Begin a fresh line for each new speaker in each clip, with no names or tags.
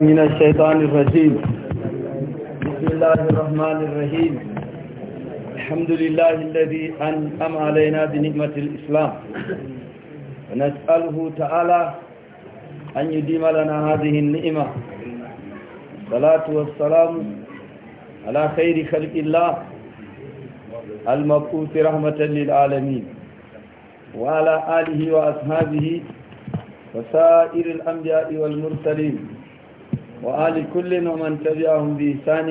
من الشيطان الرجيم بسم الله الرحمن الرحيم الحمد لله الذي أنعم علينا بنعمة الإسلام ونسأله تعالى أن يديم لنا هذه النعمة الصلاة والسلام على خير خلق الله المبعوث رحمة للعالمين وعلى آله وأصحابه وسائر الأنبياء والمرسلين وآل كل ومن تبعهم بإحسان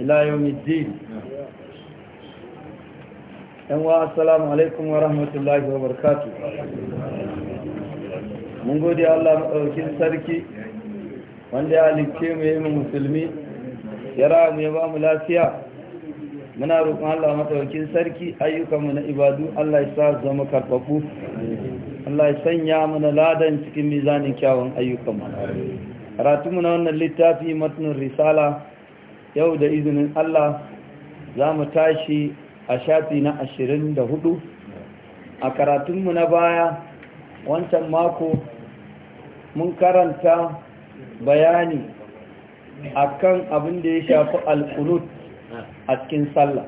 إلى يوم الدين yanwa asalamu alaikum wa rahmatullahi wa barkatu mun gode Allah maɗaukin sarki wanda ya halicce mu yi musulmi ya ramu ya ba mu lafiya muna roƙon Allah maɗaukin sarki mu na ibadu Allah ya sa zama karɓaɓu Allah ya sanya mana ladan cikin mizanin kyawun ayyukanmu karatunmu na wannan littafi matnin risala yau da izinin Allah za mu tashi a shafi na ashirin da hudu a karatunmu na baya wancan mako mun karanta bayani akan abin da ya shafi alkulut a cikin sallah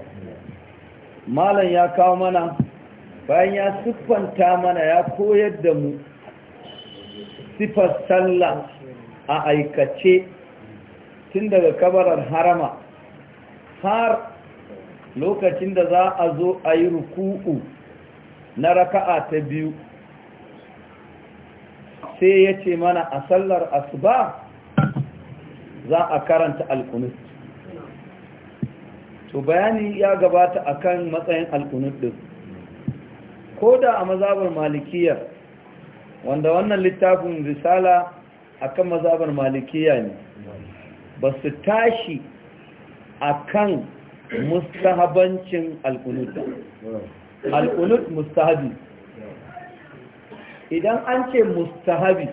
malam ya kawo mana bayan ya siffanta mana ya koyar da mu siffar sallah a aikace tun daga kabarar harama har lokacin da za a zo a yi ruku'u na raka'a ta biyu sai ya ce mana a sallar asuba za a karanta alkunut to bayani ya gabata akan matsayin alkunut ɗin? ko da a mazabar malikiyar wanda wannan littafin risala akan mazabar malikiya ne ba su tashi a kan mustahabancin alkunut ba alkunut mustahabi idan an ce mustahabi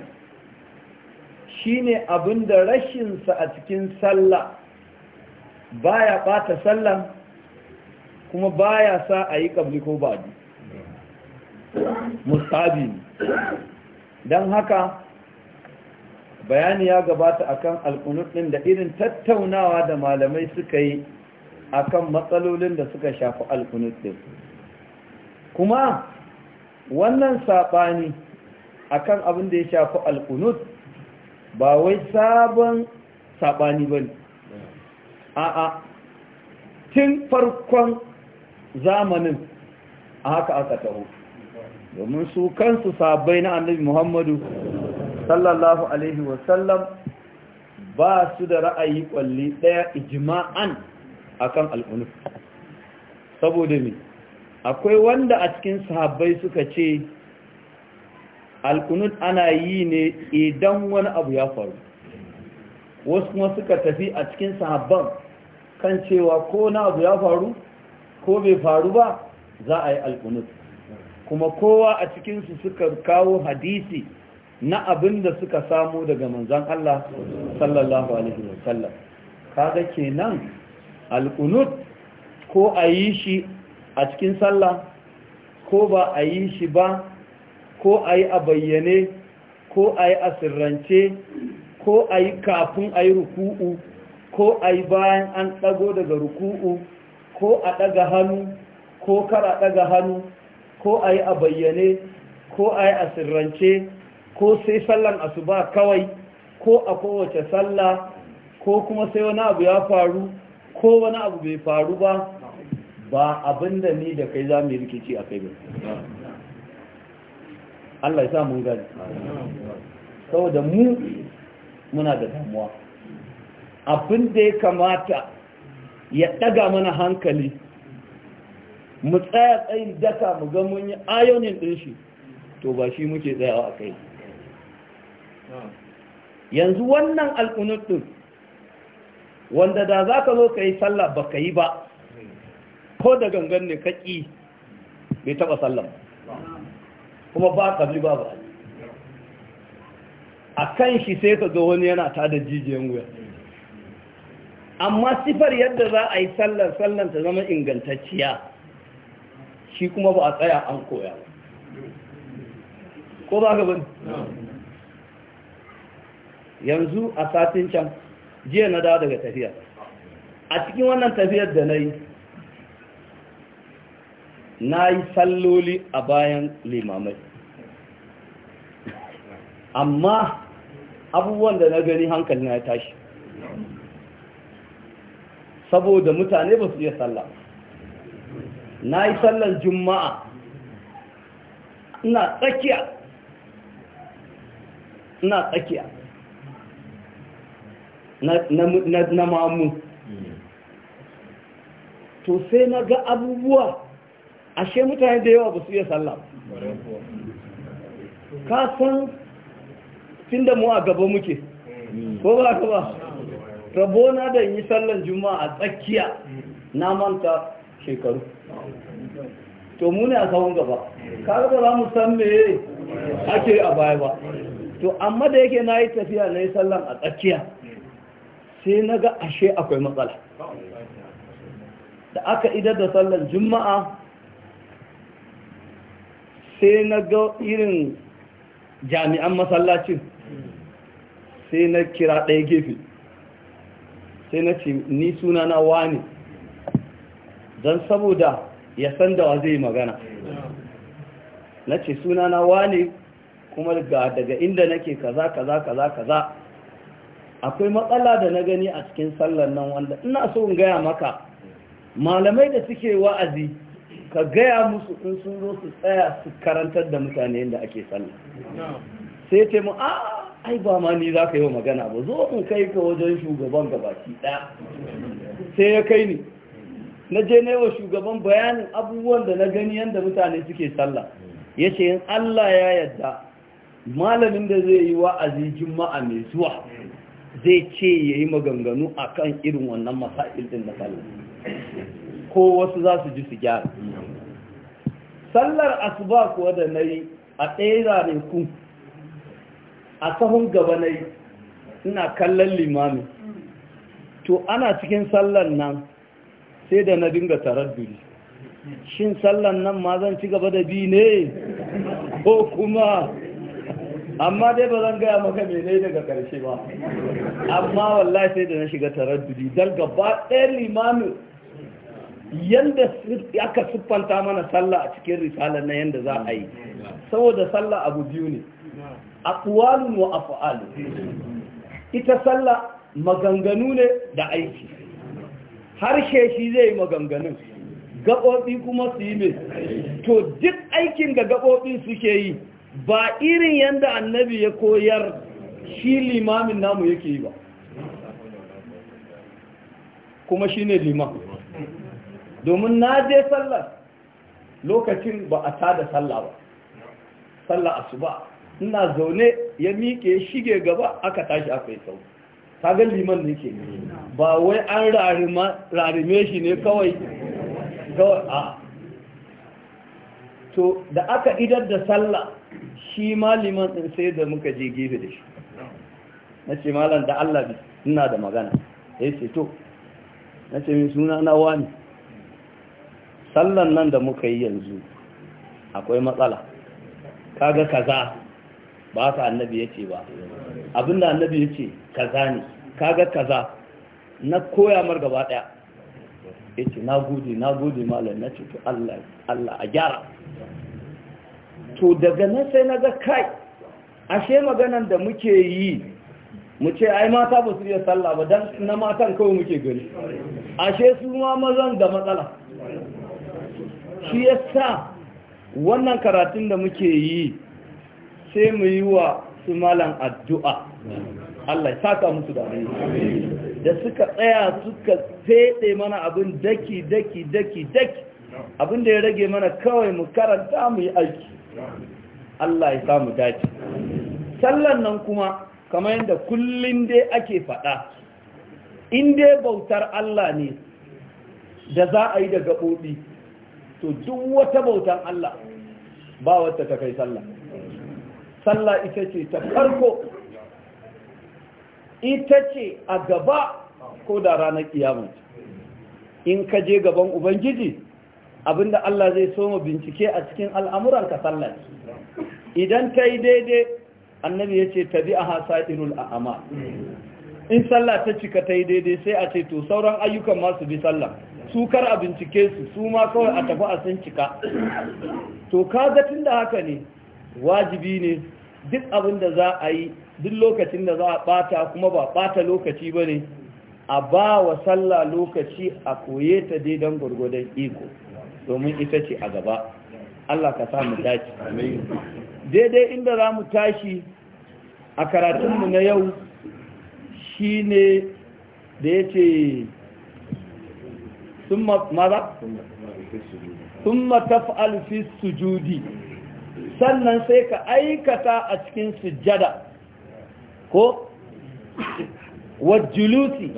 shine abin da rashinsa a cikin sallah baya bata sallah kuma baya sa a yi kabli ko baɗi mustahabi don haka bayani ya gabata akan alkunut din da irin tattaunawa da malamai suka yi akan matsalolin da suka shafi alkunut din kuma wannan saɓani akan abin da ya shafi alkunut ba wai sabon saɓani ba ne a'a tun farkon zamanin a haka aka taho domin su kansu sabai na annabi muhammadu sallallahu alaihi wasallam ba su da ra'ayi kwalli ɗaya ijima'an akan al'unuf saboda me akwai wanda a cikin sahabbai suka ce alkunut ana yi ne idan wani abu ya faru wasu kuma suka tafi a cikin sahabban kan cewa ko na abu ya faru ko bai faru ba za a yi alkunut kuma kowa a cikinsu suka kawo hadisi na abin da suka samu daga manzan Allah sallallahu alaihi wasallam ke nan, al'unut, ko a yi shi a cikin sallah ko ba a yi shi ba ko a yi a bayyane ko a yi a sirrance ko a yi kafin a yi ruku'u ko a yi bayan an ɗago daga ruku'u ko a ɗaga hannu ko kar a ɗaga hannu ko a yi a bayyane ko a yi a sirrance ko sai sallan asuba kawai ko a kowace sallah ko kuma sai wani abu ya faru ko wani abu bai faru ba ba abinda ni da kai za mu yi rikici a kai ba Allah ya sa mun gani saboda mu muna da damuwa abin da ya kamata ya daga mana hankali mu tsaya tsayin daka mu ga mun yi ayonin din shi to ba shi muke tsayawa a kai yanzu wannan alkunut ɗin, wanda da za ka zo ka yi sallah ba ka yi ba ko da gangan ne kaƙi bai taɓa sallah kuma ba ƙabli ba ba a kan shi sai ka ga wani yana ta da jijiyan wuya amma sifar yadda za a yi sallar sallar ta zama ingantacciya shi kuma ba a tsaya an koya ko ba ka bani? yanzu a satin can jiya na dawo daga tafiya a cikin wannan tafiyar da na yi na yi salloli a bayan limamai amma abubuwan da na gani hankali na ya tashi saboda mutane ba su iya sallah na yi sallar juma'a ina tsakiya ina tsakiya na mamu to sai na ga abubuwa ashe mutane da yawa ba su iya sallah ka san tun da mu a gaba muke ko ba ka ba rabona da yi sallan juma'a a tsakiya na manta shekaru to muni a kawon gaba kada ba za mu san me ake a baya ba to amma da yake na yi tafiya na yi sallan a tsakiya sai na ga ashe akwai matsala da aka idar da sallar juma'a sai na ga irin jami'an masallacin sai na kira ɗaya gefe sai na ce ni suna na wani don saboda ya san da wa zai magana na ce suna na wani kuma daga inda nake kaza kaza kaza kaza akwai matsala da na gani a cikin sallar nan wanda ina so in gaya maka malamai da suke wa'azi ka gaya musu in sun zo su tsaya su karantar da mutane yadda ake sallah sai ce mu a ai ba ma ni za ka yi wa magana ba zo in kai ka wajen shugaban baki ɗaya sai ya kai ni na je na wa shugaban bayanin abubuwan da na gani yadda mutane suke sallah ya ce in Allah ya yadda malamin da zai yi wa'azi juma'a mai zuwa zai ce ya yi maganganu a kan irin wannan masa'il ɗin na sallar ko wasu za su ji su gyara sallar asuba kuwa da na yi a ɗaya ku a sahun gaba na yi ina kallon limami to ana cikin sallar nan sai da na dinga tarar duri shin sallar nan ma zan ci gaba da biyu ne ko kuma amma dai ba zan gaya maka mene daga karshe ba amma wallahi sai da na shiga taraddudi dan gaba ɗaya limamin yanda aka siffanta mana sallah a cikin risalar na yanda za a yi saboda sallah abu biyu ne aqwalun wa afu'alu ita sallah maganganu ne da aiki harshe shi zai yi maganganun gaɓoɓi kuma su yi mai to duk aikin da gaɓoɓin suke yi ba irin yadda annabi ya koyar shi limamin namu yake yi ba kuma shi ne liman domin na je sallar lokacin ba a tada sallah ba sallah asuba ina zaune ya miƙe shige gaba aka tashi aka yi sau kagan liman ne ke ba wai an rarime shi ne kawai kawai a to da aka idar da sallah shi maliman ɗin sai da muka je gefe da shi na ce malam da Allah bi suna da magana ya ce to na ce min suna na wani sallan nan da muka yi yanzu akwai matsala kaga kaza ba ka annabi ya ce ba abinda annabi ya ce kaza ne kaga kaza na koya mar gaba daya ya ce na gode na gode malam na ce to Allah a gyara to daga nan sai na ga kai ashe maganan da muke yi mu ce ai mata ba su iya sallah ba dan na matan kawai muke gari ashe su ma mazan da matsala shi yasa wannan karatun da muke yi sai mu yi wa su malan addu'a Allah ya saka musu da da suka tsaya suka fede mana abin daki daki daki daki abin da ya rage mana kawai mu karanta mu yi aiki Allah ya samu dace sallan nan kuma kamar yadda kullum dai ake faɗa in dai bautar Allah ne da za a yi da gaɓoɓi to duk wata bautan Allah ba wata ta kai sallah sallah ita ce ta farko ita ce a gaba ko da ranar kiyama in ka je gaban ubangiji abinda Allah zai soma bincike a cikin al'amuran ka sallah idan ta yi daidai annabi ya ce tabi a hasa'irul a'ama in sallah ta cika ta yi daidai sai a ce to sauran ayyukan masu bi sallah su kar a bincike su su ma kawai a tafi a sun cika to kaga tun haka ne wajibi ne duk abin da za a yi duk lokacin da za a bata kuma ba bata lokaci ba ne a ba wa sallah lokaci a koye ta daidan gwargwadon iko domin ita ce a gaba Allah ka sa mu dace daidai inda za mu tashi a karatunmu na yau shi ne da ya ce sun mataf'al fi sujudi sannan sai ka aikata a cikin sujada, ko wajulusi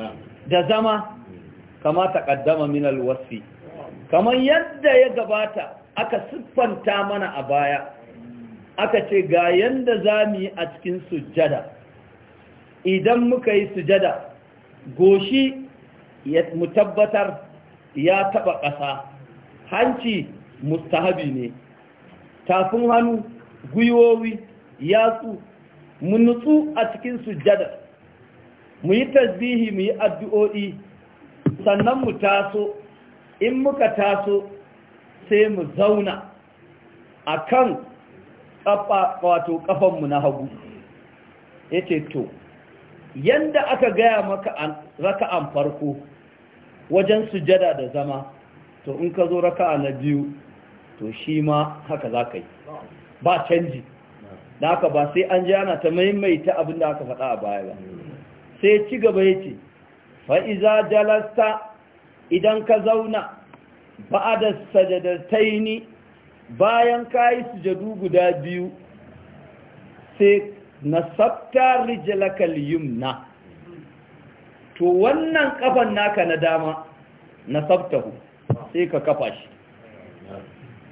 da zama kama taƙaddama minal wasi kamar yadda ya gabata aka siffanta mana a baya aka ce ga yadda za mu yi a cikin sujada idan muka yi sujada goshi mu tabbatar ya taba ƙasa hanci mustahabi ne tafin hannu gwiwowi yatsu mu nutsu a cikin sujada mu yi tasbihi mu yi addu'o'i sannan mu taso in muka taso sai mu zauna a kan wato ƙafanmu na hagu ya ce to yadda aka gaya maka raka'an farko wajen sujada da zama to in ka zo raka'a na biyu to shi ma haka za ka yi ba canji da haka ba sai an jana ta maimaita abin da aka faɗa a baya ba sai ci gaba ya ce fa'iza jalasta idan ka zauna da ba'ada ne bayan ka su sujadu guda biyu sai na nasabta rijlakal yumna to wannan kafan naka na dama na nasabtahu sai ka kafa shi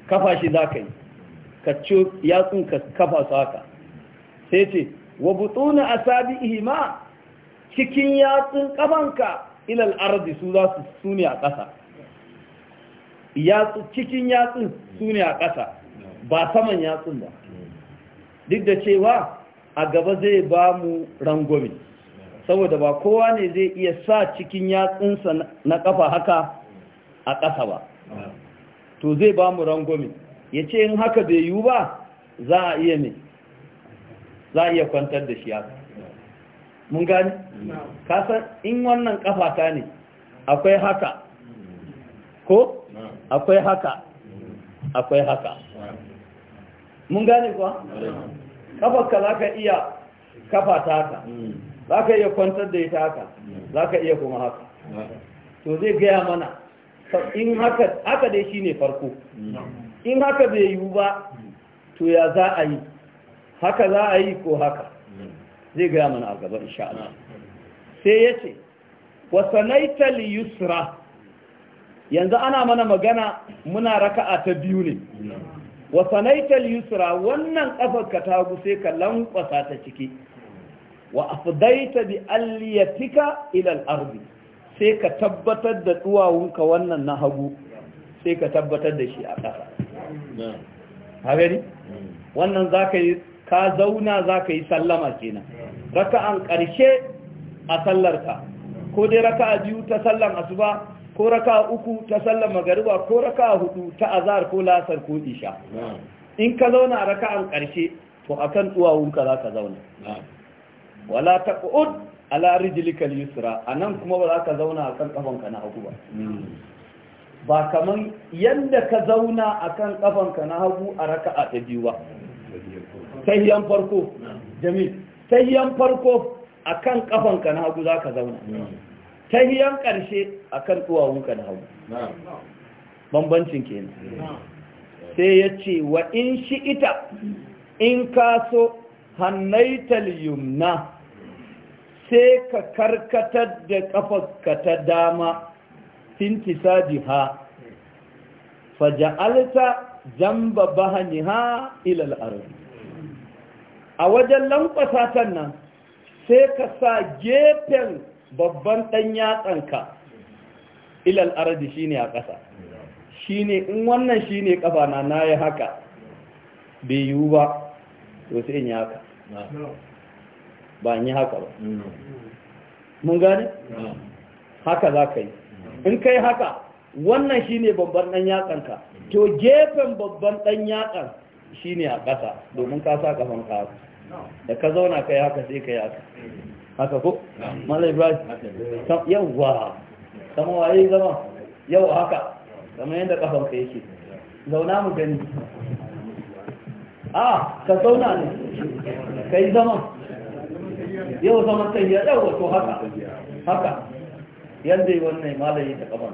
kafa shi za ka yi ka ci yatsun ka kafa su haka sai ce wa butsuna a sabi ma cikin yatsun kafanka ilal ardi su za su sune a ƙasa yatsu cikin yatsun sune a ƙasa ba saman yatsun ba duk da cewa a gaba zai ba mu rangwame saboda ba kowa ne zai iya sa cikin yatsunsa na ƙafa haka a ƙasa ba to zai ba mu rangwame ya ce in haka bai yiwu ba za a iya ne za a iya kwantar da shi haka mun gani kasan in wannan kafata ne akwai haka ko akwai haka akwai haka mun gane kuwa kafarka za ka iya kafata haka za ka iya kwantar da ita haka za ka iya kuma haka to zai gaya mana in haka haka dai shi ne farko in haka bai yiwu ba to ya za a yi haka za a yi ko haka zai gaya mana a gaba insha Allah sai ya ce wasanaita yusra yanzu ana mana magana muna raka'a ta biyu ne wasanaita yusra wannan kafar ka ta sai ka lankwasa ta ciki wa afdaita bi alliyatika ila al-ardi sai ka tabbatar da duwawunka wannan na hagu sai ka tabbatar da shi a ƙasa. Hagari? Hmm. Wannan za ka yi ka zauna za ka yi sallama kenan raka'an ƙarshe a sallarka ko dai raka a biyu ta sallan asuba ko a uku ta sallan magariba ko raka a hudu ta Azar, ko lasar ko isha in ka zauna a raka'an ƙarshe to a kan duwawunka za ka zauna wala ta a ala rijlikal yusra nan kuma ba za ka zauna a kan ƙafanka na hagu ba hmm. ba kaman yadda ka zauna a kan ƙafanka na hagu a raka'a ta biyu ba tahiyan farko jami tahiyan farko akan kafanka na hagu zaka zauna tahiyan karshe akan ka na hagu bambancin kenan sai ya ce wa in shi ita in ka so hannaital yumna sai ka karkatar da kafarka ta dama jiha faja'alta jamba bahaniha ila al a wajen lankwasa sannan sai ka sa gefen babban ɗan yatsanka ilal shi ne a ƙasa ne in wannan ne kafa na yi haka bai yiwu ba to sai in yi haka ba in yi haka ba mun gane haka za ka yi in ka yi haka wannan shi ne babban ɗan yatsanka to gefen babban ɗan yatsan shi ne a ƙasa domin ka sa ƙafan ka da ka zauna kai haka sai kai haka haka ko mala ibrahim yawwa sama waye zama yau haka kama yadda kafan ka yake zauna mu gani a ah, ka zauna ne ka yi zaman yau zama kan ya yau wato haka haka yadda yi wannan malayi ta kafan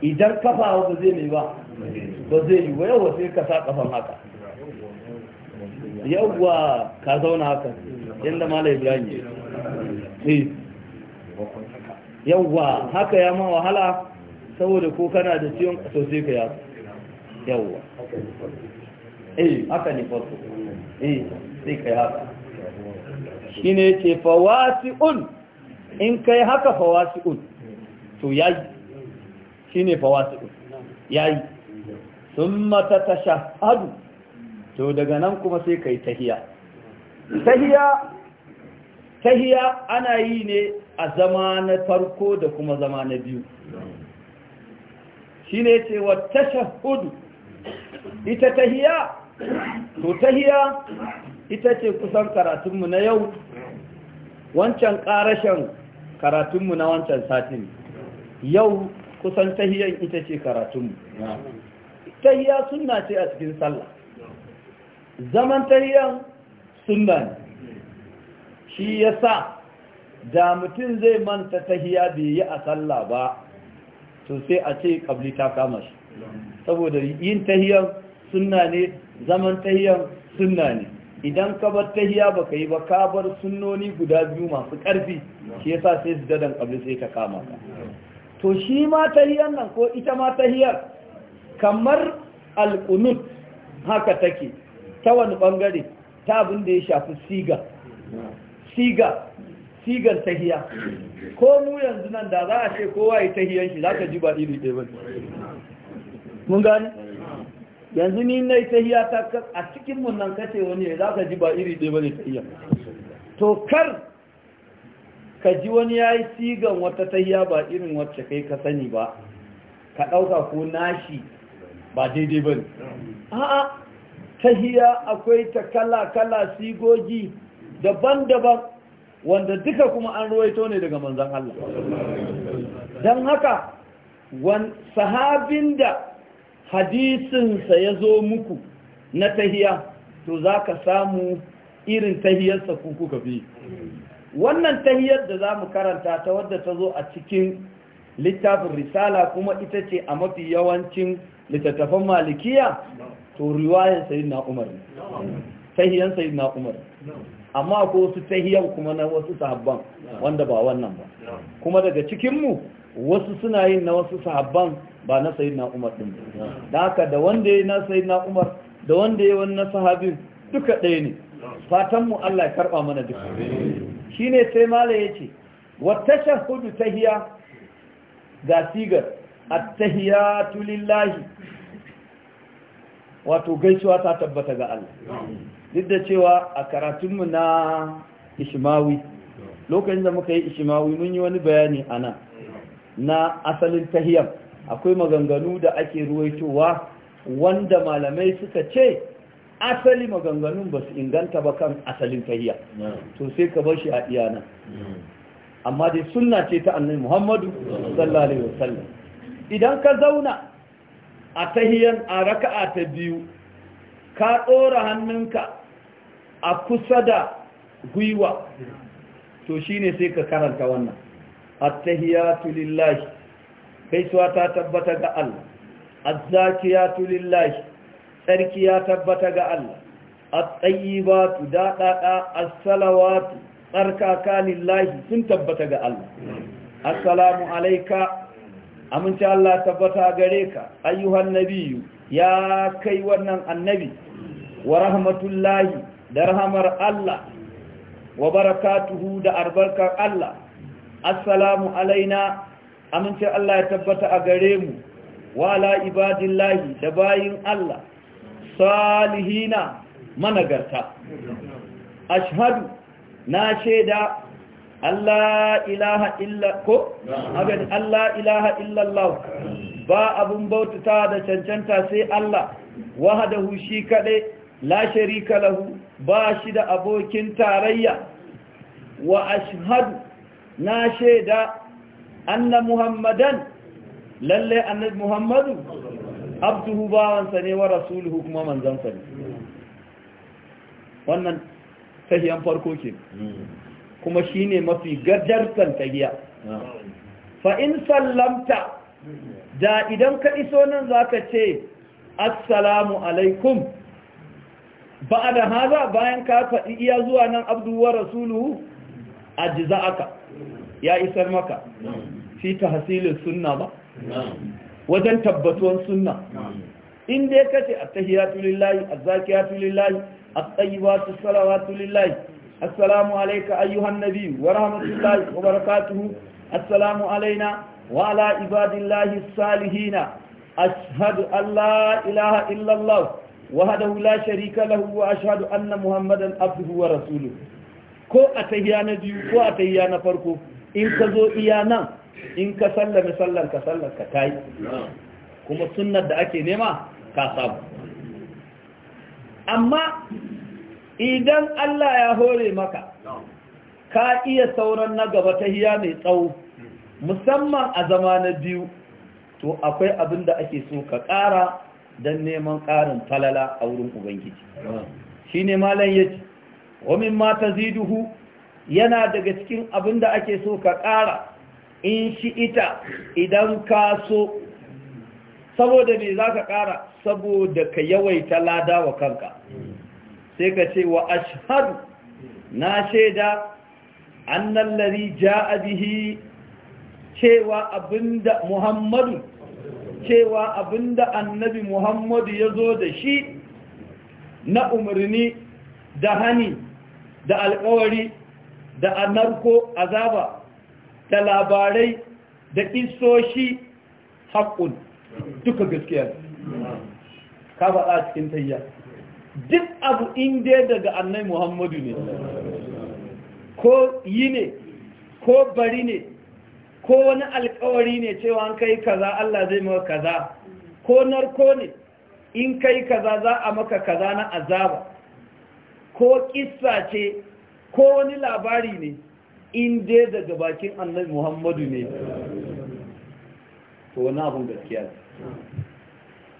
idan kafa ba zai mai ba ba zai yi wa yau wasu ka sa kafan haka yawwa ka zauna haka inda mala ibrahim eh. yawwa haka ya ma wahala saboda ko kana da ciwon sai ka ya yawwa eh haka ne farko eh sai kai haka shi ne ce fawasi'un in kai haka fawasi'un to yayi shi fawasi'un yayi sun tatashahadu to daga nan kuma sai kai tahiya tahiya tahiya ana yi ne a zama na farko da kuma zama na biyu shine ne ce wa tashahhud ita tahiya to tahiya ita ce kusan karatunmu na yau wancan karashen karatunmu na wancan satin yau kusan tahiyan ita ce karatunmu tahiya sunna ce a cikin sallah zaman tahiyan sunna ne shi ya sa da mutum zai manta tahiya bai yi a sallah ba to sai a ce kabli ta kama shi saboda yin tahiyan sunna ne zaman tahiyar sunna ne idan ka bar tahiya baka yi ba ka bar sunnoni guda biyu masu ƙarfi shi ya sa sai su dadan kabli sai ta kama ka to shi ma tahiyan nan ko ita ma tahiyar kamar alqunut haka take ta wani bangare ta abin da ya shafi siga siga sigar tahiya ko mu yanzu nan da za a ce kowa yi tahiyan shi za ka ji ba iri ɗaya ba mun gani yanzu ni na yi tahiya ta a cikin mun nan kace wani za ka ji ba iri ɗaya ba ne tahiya to kar ka ji wani ya yi sigan wata tahiya ba irin wacce kai ka sani ba ka ɗauka ko nashi ba daidai ba ne a'a tahiya akwai ta kala-kala sigogi daban-daban wanda duka kuma an ruwaito ne daga manzan Allah don haka wani sahabin da hadisinsa ya zo muku na tahiya to za ka samu irin tahiyarsa kuka fi wannan tahiyar da za mu karanta ta wadda ta zo a cikin littafin risala kuma ita ce a mafi yawancin littattafan malikiya to riwayar sayyidina Umar ne tahiyan sayyidina Umar amma ko wasu tahiyan kuma na wasu sahabban wanda ba wannan ba kuma daga cikin mu wasu suna yin na wasu sahabban ba na sayyidina Umar din da haka da wanda yi na sayyidina Umar da wanda wani wannan sahabin duka ɗaya ne fatan mu Allah ya karba mana duka shine sai mala yace wa tashahhudu tahiya ga sigar at-tahiyatu lillahi wato gaisuwa ta tabbata ga Allah duk da cewa a karatunmu na ishimawi, lokacin da muka yi ishimawi mun yi wani bayani a nan na asalin tahiyam akwai maganganu da ake ruwaitowa wanda malamai suka ce asali maganganun ba su inganta ba kan asalin tahiyya to sai ka bar shi a iyana amma dai sunna ce ta annabi Muhammadu sallallahu alaihi wasallam idan ka zauna a tahiyan a raka'a ta biyu ka ɗora hannunka a kusa da gwiwa to shi ne sai ka karanta wannan at-tahiyatu lillahi Gaisuwa ta tabbata ga Allah az-zakiyatu lillahi tsarki ya tabbata ga Allah ba tayyibatu daɗaɗa as-salawatu tsarkaka lillahi sun tabbata ga Allah assalamu alaika. amince Allah tabbata gare ka ayyuhan nabiyyu ya kai wannan annabi wa rahmatullahi da rahamar Allah wa barakatuhu da albarkar Allah assalamu alaina amince Allah ya tabbata a gare mu wa ala ibadillahi da bayin Allah salihina managarta ashhadu na shaida Allah ilaha illa ko abin Allah ilaha illallah ba abun bautata da cancanta sai Allah wahadahu shi kadai la sharika lahu ba shi da abokin tarayya wa ashhadu na shaida anna muhammadan lalle annabi muhammadu abduhu bawansa ne wa rasuluhu kuma manzansa ne wannan sahihan farko ke kuma shi ne mafi gadarsan tahiya fa’in sallamta da idan ka iso nan za ka ce assalamu alaikum ba a da haza bayan ka faɗi iya zuwa nan abduwa rasulu a aka ya isar maka fi ta hasilin suna ba wajen tabbatuwan suna. inda ya kace a tahiyatulillahi a zakiyatulillahi a tsayibatu salawatu lillahi assalamu alayka ayyuhan nabiy wa rahmatullahi wa barakatuhu assalamu alayna wa ala ibadillahi salihin Ashadu an la ilaha illa allah wahdahu la sharika lahu wa ashhadu anna muhammadan abduhu wa rasuluhu ko ta'iya na biyu ko a ta'iya na farko in ka zo iya nan in ka sallame sallar ka sallar ka tayi kuma sunnar da ake nema ka samu amma idan Allah ya hore maka ka iya sauran na gaba ta hiya mai tsawo musamman a zama na biyu to akwai abin da ake so ka ƙara don neman ƙarin falala a wurin ubangiji shi ne malam ya ce wamin mata ziduhu yana daga cikin abin da ake so ka ƙara in shi ita idan ka so saboda me za ka ƙara saboda ka yawaita lada wa kanka hmm. sai ka ce wa ashhad na shaida annan lari ja'a bihi cewa abinda muhammadu cewa abinda annabi muhammadu ya zo da shi na umarni da hani da alƙawari da anarko azaba da labarai da isoshi haƙƙun duka gaskiya ka faɗa cikin tayyar duk abu inda daga annai muhammadu ne ko yi ne ko bari ne ko wani alkawari ne cewa an kai kaza Allah zai maka kaza ko narko ne in kai kaza za a maka kaza na azaba ko kissa ce ko wani labari ne inda daga bakin annai Muhammadu ne to wani abun gaskiya ne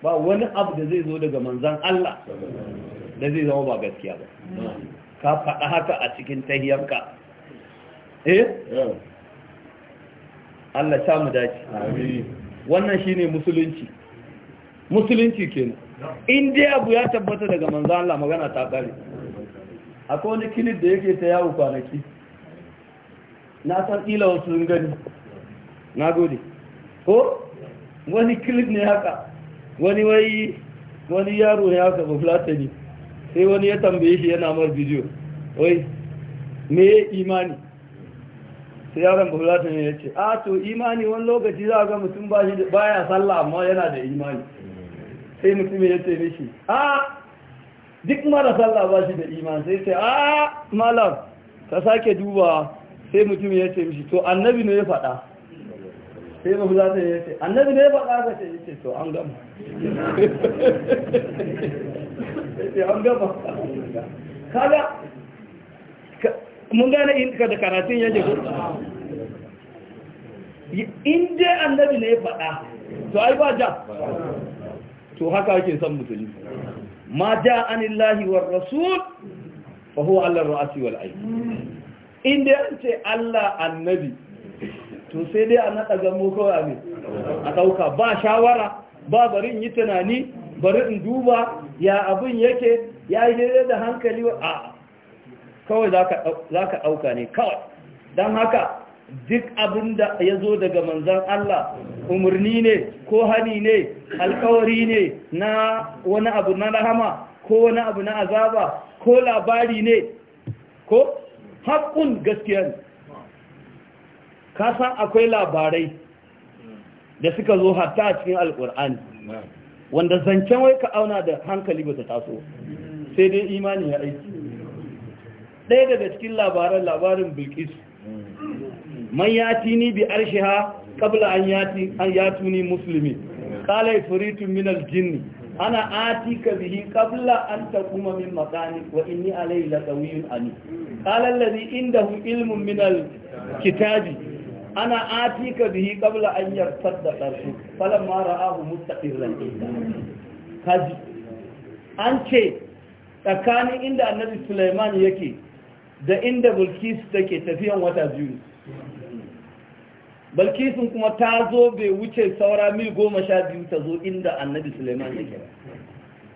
ba wani abu da zai zo daga manzan Allah da zai zama ba gaskiya ba ka faɗa haka a cikin tahiyarka eh Allah sha mu dace wannan shine musulunci musulunci kenan in dai abu ya tabbata daga manzan Allah magana ta kare akwai wani kilid da yake ta yawo kwanaki na san ilawar wasu sun gani na gode ko wani kilid ne haka wani wai wani yaro ne aka flatani sai wani ya tambaye shi yana mar bidiyo wai me imani sai yaron ba flatani ya ce a ah, to imani wani lokaci za a ga mutum ba ya sallah amma yana da imani sai mutum ya ce mishi a ah, duk mara sallah ba shi da imani sai ce a ah, malam ka sake duba sai mutum ya ce mishi to annabi ne ya faɗa sai ba za ta yi ce annabi ne ba ga ce ce to an gama ce an gama kaga mun gane in ka da karatun yaje ko in je annabi ne faɗa to ai ba ja to haka yake san mutuni ma ja anillahi war rasul fa huwa ala ra'si wal ayn in dai an ce Allah annabi to sai dai a naɗa gamo kawai ne a ɗauka ba shawara ba bari in yi tunani bari in duba ya abin yake ya yi daidai da hankali a kawai za ka ɗauka ne kawai don haka duk abin da ya zo daga manzan Allah umarni ne ko hani ne alkawari ne na wani abu na rahama ko wani abu na azaba ko labari ne ko haƙƙun gaskiya ne Kasan akwai labarai da suka zo hatta a cikin alkur'ani wanda zancen wai ka auna da hankali ba ta taso sai dai imani ya aiki ɗaya daga cikin labaran labarin bilkis man ya ni bi arshiha qabla an ya an yatuni muslimi min aljinn ana atika bihi kabla an kuma min makani wa inni alayhi laqawiyyun ani qala inda hu ilmun min alkitabi ana ka bihi qabla an yartadda tarfu falamma ra'ahu mustaqirran inda kaji an ce tsakanin inda annabi Sulaiman yake da inda Bilkis take tafiyan wata biyu Bilkisu kuma ta zo bai wuce saura mil goma sha biyu ta zo inda annabi Suleiman yake ba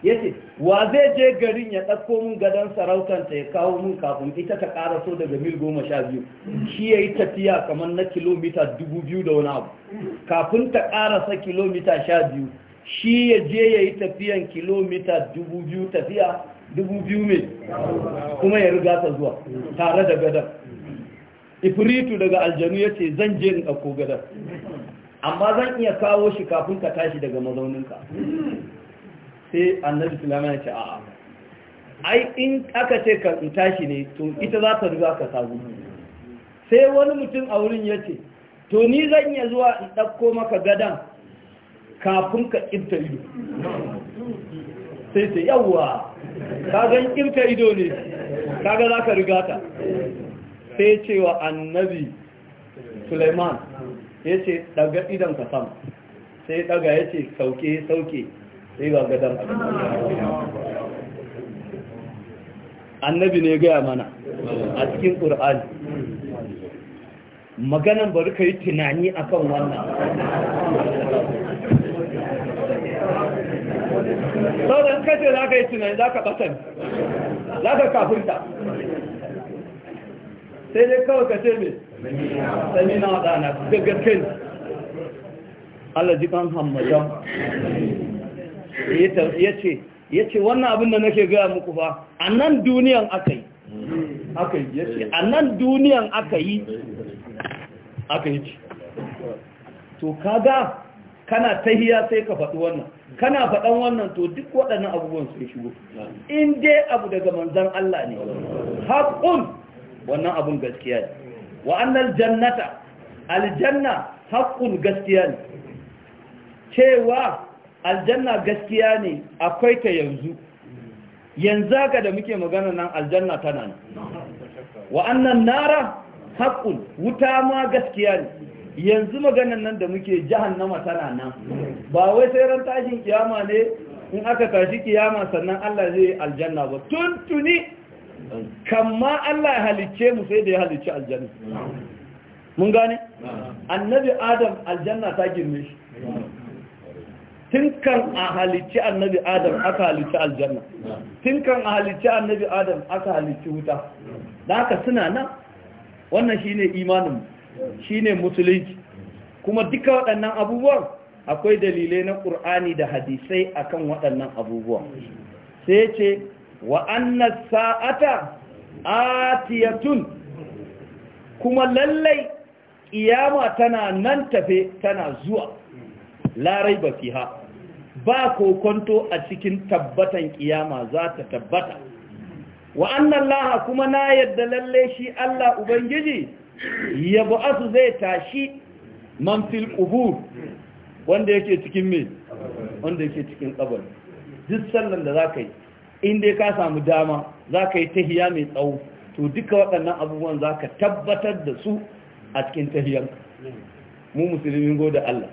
yace wa zai je garin ya ɗauko min gadon sarautanta ya kawo min kafin ita ta ƙaraso daga mil goma sha biyu shi ya yi tafiya kamar na kilomita dubu biyu da wani abu kafin ta ƙarasa kilomita sha biyu shi ya je ya yi tafiyan kilomita dubu biyu tafiya dubu biyu mai kuma ya riga ta zuwa tare da gadon ifritu daga aljanu ya ce zan je in ɗauko gadon amma zan iya kawo shi kafin ka tashi daga mazauninka sai annabi sulaiman ya ce a'a ai in aka ce ka tashi ne to ita za ta riga ka sabu sai wani mutum a wurin ya ce to ni zan iya zuwa in ɗauko maka gadan kafin ka ƙirta ido sai sai yawwa ka zan ƙirta ido ne kaga za ka riga ta sai cewa annabi sulaiman ya ce ɗaga idan ka sama sai ɗaga ya ce sauke sauke sai ga gadan annabi ne gaya mana a cikin ƙur'ani maganan bari ka yi tunani a kan wannan sauran kace za ka yi tunani za ka ɓatan za ka kafinta sai dai kawai ka ce mai sami na waɗana da Allah ji kan hamadan ya ce wannan abin da nake gaya muku fa a nan duniyan aka yi a nan duniyan aka yi aka yi ce. to kaga kana tahiya sai ka faɗi wannan kana faɗan wannan to duk waɗannan abubuwan sai shigo in dai abu daga manzan Allah ne haƙun wannan abun gaskiya ne wa'annan jannata aljanna haƙun gaskiya ne cewa aljanna gaskiya ne akwai ta yanzu yanzu haka da muke magana nan aljanna tana ne wa'annan nara haƙun wuta ma gaskiya ne yanzu maganan nan da muke jahannama tana nan ba wai sai ran tashin kiyama ne in aka tashi kiyama sannan Allah zai aljanna ba tuntuni kamma Allah ya halicce mu sai da ya halicci aljanna mun gane annabi adam aljanna ta girme shi tun kan a halicci annabi adam aka halicci aljanna tun kan a halicci annabi adam aka halicci wuta da aka suna nan wannan shi ne imanin ne musulunci kuma duka waɗannan abubuwan akwai dalilai na ƙur'ani da hadisai akan waɗannan abubuwan sai ce wa'annan sa'ata a tiyatun kuma lallai iyama tana nan tafe tana zuwa larai ba fi ha, ba kokonto a cikin tabbatan kiyama za ta tabbata wa laha kuma na yadda lalle shi Allah Ubangiji ya bu'asu zai tashi man fil qubur wanda yake cikin me wanda yake cikin kabari duk sallan da zaka yi in dai ka samu dama zaka yi tahiya mai tsawo to duka waɗannan abubuwan za ka tabbatar da su a cikin tahiyanka mu musulmi goda Allah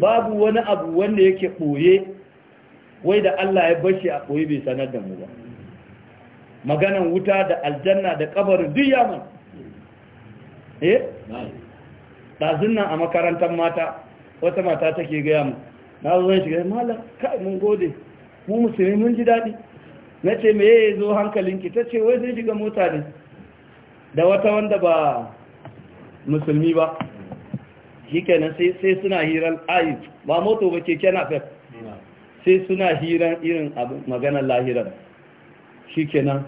babu wani abu wanda yake ɓoye wai da Allah ya bashi a ɓoye bai sanar da mu ba maganan wuta da aljanna da kabarin duk yaman eh ɗazun nan a makarantar mata wata mata take gaya mu na zo shi ga mala kai mun gode mu musulmi mun ji daɗi na ce me yayi zo hankalinki ta ce wai zai shiga mota ne da wata wanda ba musulmi ba shikenan sai sai suna hiran ayib ba moto ba keke napep sai suna hiran irin maganar lahiran shikenan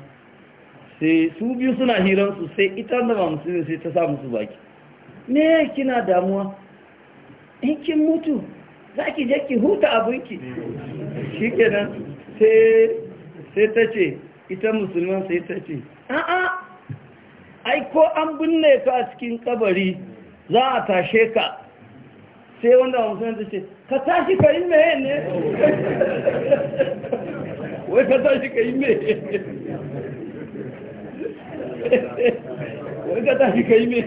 sai su biyu suna hiran su sai ita da ba musu sai ta sa musu baki me kina damuwa in kin mutu za ki je ki huta abinki shikenan sai sai ta ce ita musulman sai ta ce a'a ai ko an binne ka a cikin kabari za a tashe ka sai wanda ba ta ce ka tashi ka yi mai ne wai ka tashi ka yi mai wai ka tashi ka yi mai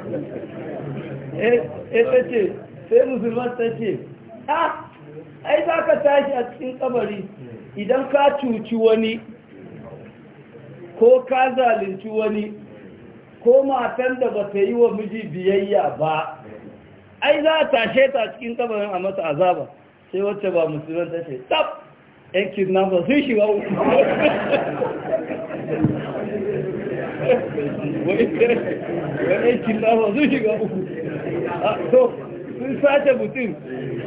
e eh, eh, ta ce sai musulman ta ce a ai za ka tashi a cikin kabari idan ka cuci wani ko ka zalunci wani ko matan da ba ta yi wa miji biyayya ba ai za a tashe ta cikin kabarin a mata azaba sai wacce ba musulman ta ce tab yan kidnapper sun shiga sun shiga uku ah, to sun sace mutum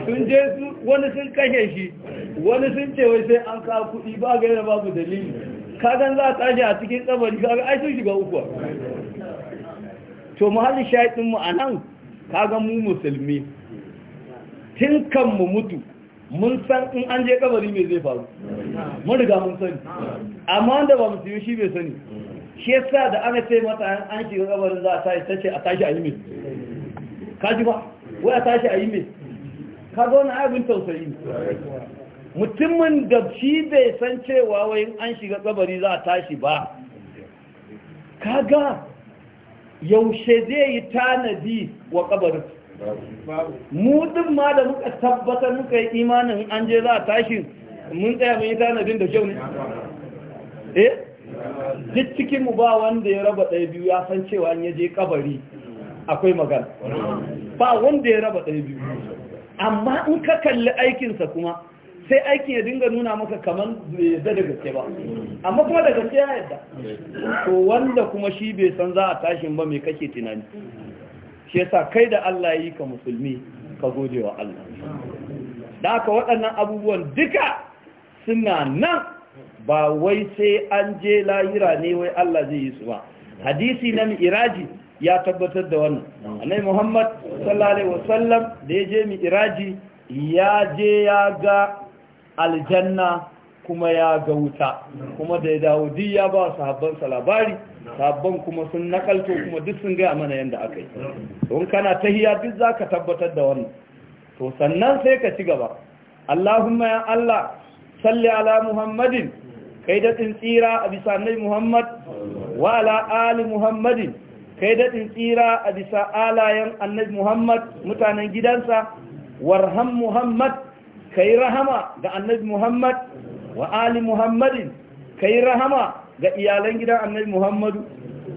sun je wani sun kashe shi wani sun ce wai sai an kawo kuɗi ba gaira babu dalili kagan za a tashi a cikin tsabari kaga ai sun shiga uku to muhalli shahidin mu nan kagan mu musulmi tun kan mu mutu mun san in an je kabari me zai faru mun riga mun sani amma wanda ba musulmi shi bai sani shi yasa da ana ce mata an shiga kabarin za a tashi a tashi a yi mai kaji ba wai a tashi a yi mai kaga wani abin tausayi mutumin da shi bai san cewa wayin an shiga kabari za a tashi ba kaga yaushe zai yi tanadi wa kabarin mu din ma da muka tabbata muka yi imanin an je za a tashi mun tsaya mun yi tanadin da kyau ne eh duk cikin mu ba wanda ya raba ɗaya biyu ya san cewa an yaje kabari akwai magana ba wanda ya raba ɗaya biyu amma in ka kalli aikinsa kuma sai aikin ya dinga nuna maka kamar da yadda da gaske ba amma kuma da gaske ya yadda to wanda kuma shi bai san za a tashin ba mai kake tunani shi yasa kai da Allah yi ka musulmi ka gode wa Allah da aka waɗannan abubuwan duka suna nan ba wai sai an je lahira ne wai Allah zai yi su ba hadisi na mi'iraji ya tabbatar da wannan annabi Muhammad sallallahu alaihi wasallam da ya je mi'iraji ya je ya ga aljanna kuma ya ga wuta kuma da ya dawo duk ya ba sahabbansa labari sahabban kuma sun nakalto kuma duk sun gaya mana yadda aka yi don kana tahiya duk za ka tabbatar da wannan to sannan sai ka ci gaba allahumma ya allah salli ala muhammadin kai daɗin tsira a bisa nai muhammad wa ala ali muhammadin kai daɗin tsira a bisa alayen annabi muhammad mutanen gidansa warham muhammad kai rahama ga annabi Muhammad wa ali Muhammadin kai rahama ga iyalan gidan annabi Muhammadu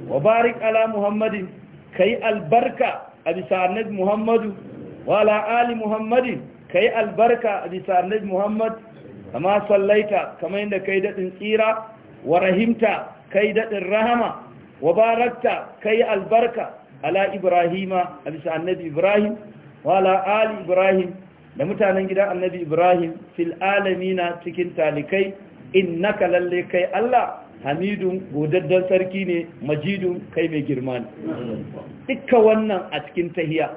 wa barik ala Muhammadin kai albarka a bisa annabi Muhammadu wa ala ali Muhammadin kai albarka a bisa annabi Muhammad kama sallaita kama inda kai dadin tsira wa rahimta kai dadin rahama wa barakta kai albarka ala Ibrahima a bisa annabi Ibrahim wa ala ali Ibrahim da mutanen gidan annabi ibrahim fil alamina cikin talikai innaka lalle kai allah hamidun godaddan sarki ne majidun kai mai girma ne dukkan wannan a cikin tahiya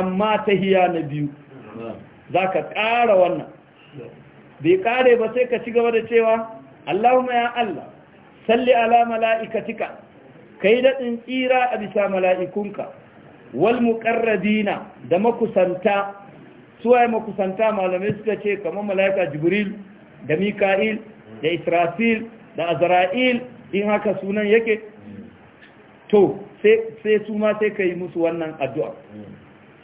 amma tahiya na biyu za ka ƙara wannan bai ƙare ba sai ka ci gaba da cewa allahumma ya allah salli ala mala'ikatika yi daɗin tsira a bisa mala'ikunka wal muƙarradina da makusanta suwaye makusanta malamai suka ce kamar mala'ika jibril da mika'il da israfil da azra'il in haka sunan yake to sai su ma sai ka yi musu wannan addu'a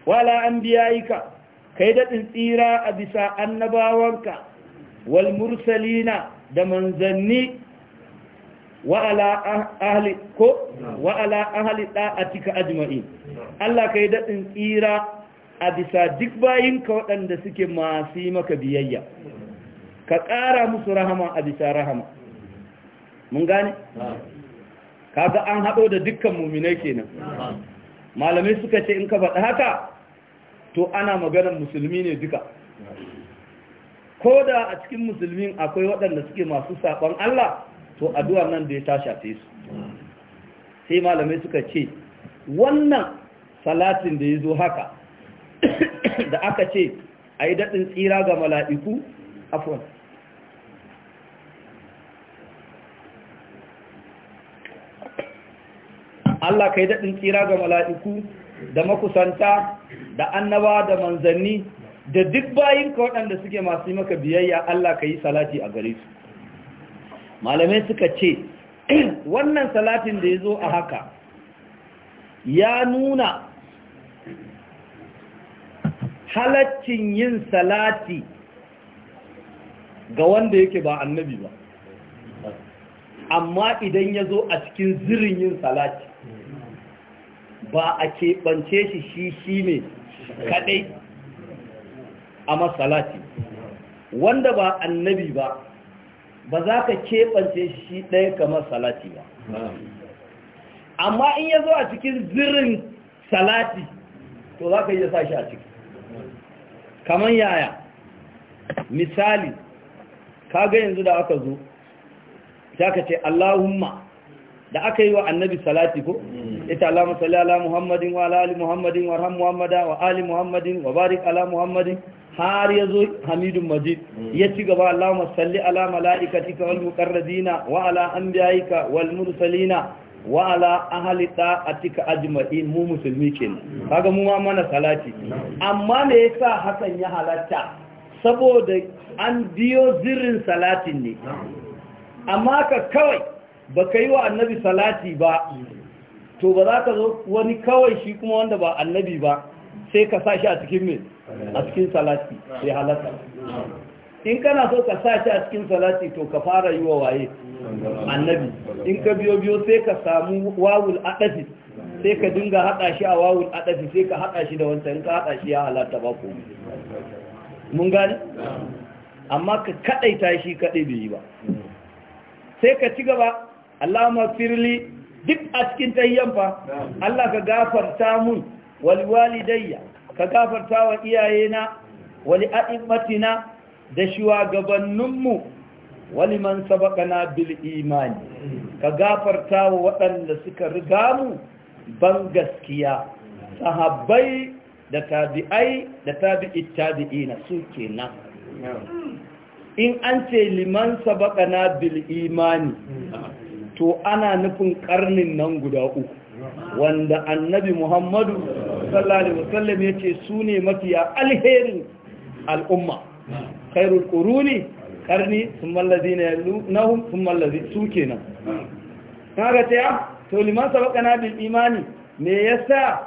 wala an biya ika ka yi daɗin tsira a bisa annabawanka wal mursalina da manzanni wa'ala ahli ko wa'ala ahli ɗa'atika ajma'in Allah ka yi daɗin tsira a bisa duk bayinka waɗanda suke masu yi maka biyayya ka ƙara musu rahama a bisa rahama mun gane? kaga an haɗo da dukkan muminai kenan malamai suka ce in ka faɗi haka to ana maganar musulmi ne duka ko da a cikin musulmi akwai waɗanda suke masu saɓon Allah to addu'ar nan da ya ta shafe su sai malamai suka ce wannan salatin da ya zo haka da aka ce a yi daɗin tsira ga mala'iku Allah ka yi daɗin tsira ga mala'iku da makusanta da annaba da manzanni da duk bayinka waɗanda suke masu yi maka biyayya Allah ka yi salati a gare su malamai suka ce wannan salatin da ya zo a haka ya nuna halaccin yin salati ga wanda yake ba annabi ba amma idan ya zo a cikin zirin yin salati ba a keɓance shi shi shi ne kaɗai a masalati wanda ba annabi ba ba za ka keɓance shi ɗaya kamar salati ba amma in ya zo a cikin zirin salati to za ka iya sa shi a ciki kamar yaya misali kaga yanzu da aka zo za ka ce Allahumma da aka yi wa annabi salati ko mm. ita Allahumma salli ala Muhammadin wa ala ali Muhammadin wa rahmu Muhammada wa ali Muhammadin wa barik ala Muhammadin har ya zo Hamidun Majid mm. ya ci gaba Allahumma salli ala malaikatika wal muqarrabina wa ala anbiyaika wal mursalina wa ala ahli cika ajma'in mu musulmi kenan kaga mu ma mana salati amma me yasa hakan ya halatta saboda an biyo zirin salatin ne amma ka kawai baka yi wa annabi salati ba to ba za ka zo wani kawai shi kuma wanda ba annabi ba sai ka sa shi a cikin me a cikin salati sai halatta in kana so ka sa shi a cikin salati to ka fara yi wa waye annabi in ka biyo biyo sai ka samu wawul adafi sai ka dinga hada shi a wawul adafi sai ka hada shi da wancan ka hada shi ya halatta ba ku mun gane amma ka kadaita shi kadai bai yi ba sai ka ci gaba Allahumma firli duk a cikin tayyan fa Allah ka gafarta mun wal walidayya ka gafarta wa iyayena wali a'immatina da shugabanninmu waliman na bil imani ka gafarta wa waɗanda suka riga mu ban gaskiya sahabbai da tabi'ai da tabi'i na su nan. in an ce liman na bil imani to ana nufin karnin nan guda uku wanda annabi Muhammadu sallallahu alaihi wasallam yace su ne mafiya alherin al'umma khairul quruni karni thumma alladhina yalunhum thumma alladhi su kenan kaga ta to liman sabaqana bil imani me yasa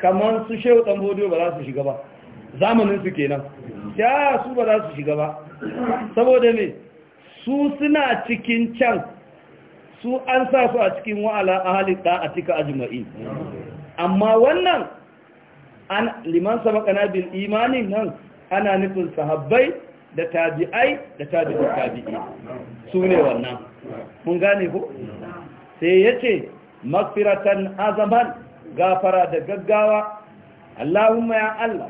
kaman su shehu dan bodo ba za su shiga ba zamanin su kenan ya su ba za su shiga ba saboda me su suna cikin can su an sa su a cikin wa'ala ahli da'atika ajma'in amma wannan an liman sabaqana bil imani nan ana nufin sahabbai da tabi'ai da tabi'in tabi'i su ne wannan kun gane ko sai ya ce mafiratan azaman gafara da gaggawa Allahumma ya Allah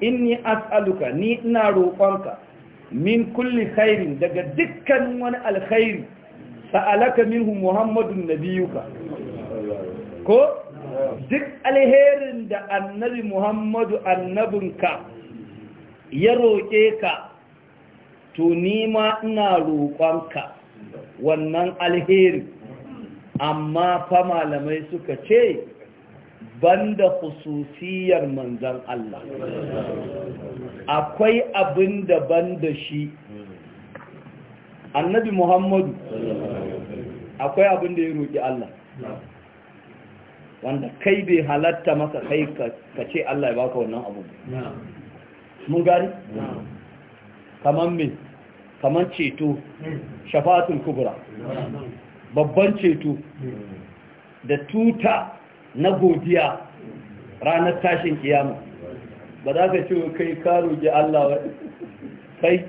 inni as'aluka ni ina roƙonka min kulli khairin daga dukkan wani alkhairi sa'alaka minhu muhammadun nabiyuka ko duk alherin da annabi muhammadu annabinka ya roƙe ka to nima ina roƙonka wannan alheri amma fa malamai suka ce banda khususiyar manzan Allah akwai abin da banda shi annabi Muhammadu akwai abin da ya roƙi Allah wanda kai bai halatta maka kai ka ce Allah ya baka wannan abu mun gani kaman me kaman ceto Shafatun kubra babban ceto da tuta na godiya ranar tashin kiyama ba za ka ce kai karo ji Allah wa kai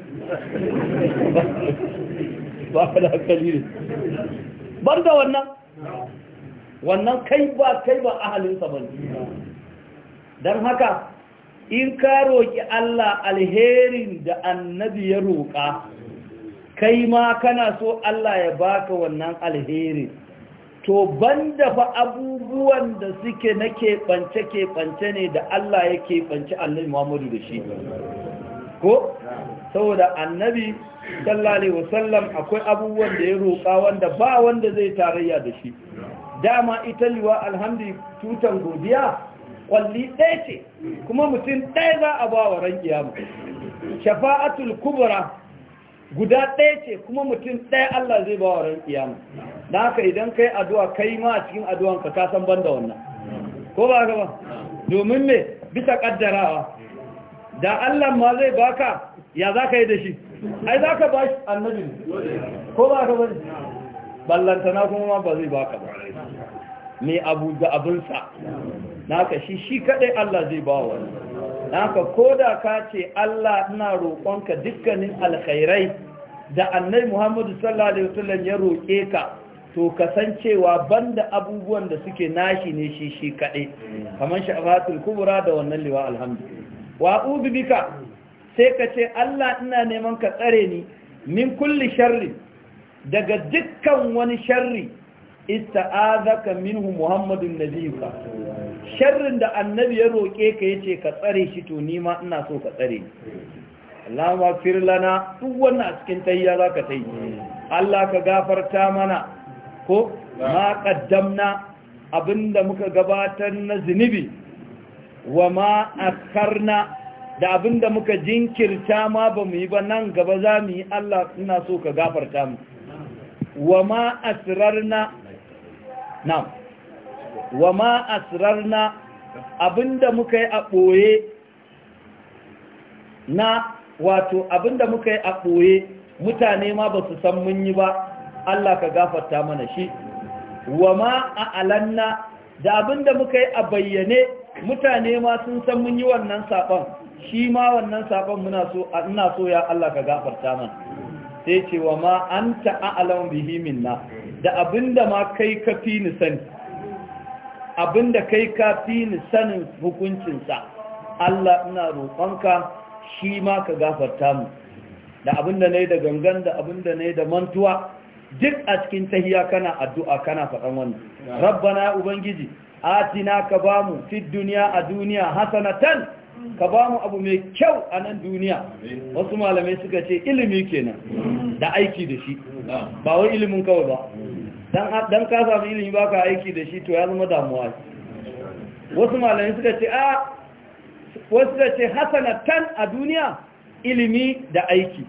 ba ka da hankali ne ban da wannan wannan kai ba kai ba ahalinsa ba don haka in ka roƙi Allah alherin da annabi ya roƙa kai ma kana so Allah ya baka wannan alherin to banda fa abubuwan da suke na keɓance keɓance ne da Allah ya keɓance annabi Muhammadu da shi ko saboda annabi sallallahu wa wasallam akwai abubuwan da ya roƙa wanda ba wanda zai tarayya da shi dama ita liwa alhamdi tutan godiya kwalli ɗaya ce kuma mutum ɗaya za a ba wa ran kiyama shafa'atul kubra guda ɗaya ce kuma mutum ɗaya Allah zai ba wa ran kiyama dan haka idan ka yi addu'a kai ma a cikin addu'an ka san da wannan ko ba ka ba domin me bisa kaddarawa da Allah ma zai ba ka? ya za ka yi da shi ai za ka ba shi annabi ko ba ka ba ballantana kuma ma ba zai ba ka ba ne abu da abinsa naka shi shi kadai Allah zai ba wa naka koda ka ce Allah ina roƙonka dukkanin alkhairai da annabi Muhammadu sallallahu alaihi wasallam ya roke ka to kasancewa banda abubuwan da suke nashi ne shi shi kadai kamar sha'abatul kubra da wannan liwa alhamdulillah wa ubi bika sai ka ce Allah ina neman ka tsare ni min kulli sharri daga dukkan wani sharri ista'azaka minhu muhammadun nabiyuka sharrin da annabi ya roke ka yace ka tsare shi to ni ma ina so ka tsare ni ma fir lana duk wannan a cikin tayya zaka tai Allah ka gafarta mana ko ma qaddamna abinda muka gabatar na zunubi wa ma akarna da abinda muka jinkirta ma ba yi ba nan gaba za mu yi Allah ina so ka gafarta mu wa ma asrarna na'am wa ma asrarna abinda muka yi a ɓoye na wato abinda muka yi a ɓoye mutane ma ba su san mun yi ba Allah ka gafarta mana shi wa ma a alanna da abinda muka yi a bayyane mutane ma sun san mun yi wannan saɓon shi ma wannan saɓon muna so ya Allah ka gafarta mana sai ce wa ma ta'a a'lamu bihimin na da abinda ma kai ka fi ni sani abinda kai ka fi ni sanin hukuncinsa Allah ina roƙonka shi ma ka gafarta mu da abinda yi da gangan da abinda yi da mantuwa duk a cikin tahiya kana addu'a kana faɗan wani wannan rabbana ubangiji tina ka bamu fi duniya a duniya hasanatan ka ba mu abu mai kyau a nan duniya wasu malamai suka ce ilimi kenan da aiki da shi ba wai ilimin kawai ba dan ka samu ilimi ba ka aiki da shi to ya zama damuwa wasu malamai suka ce a ah, wasu suka ce hasanatan a duniya ilimi da aiki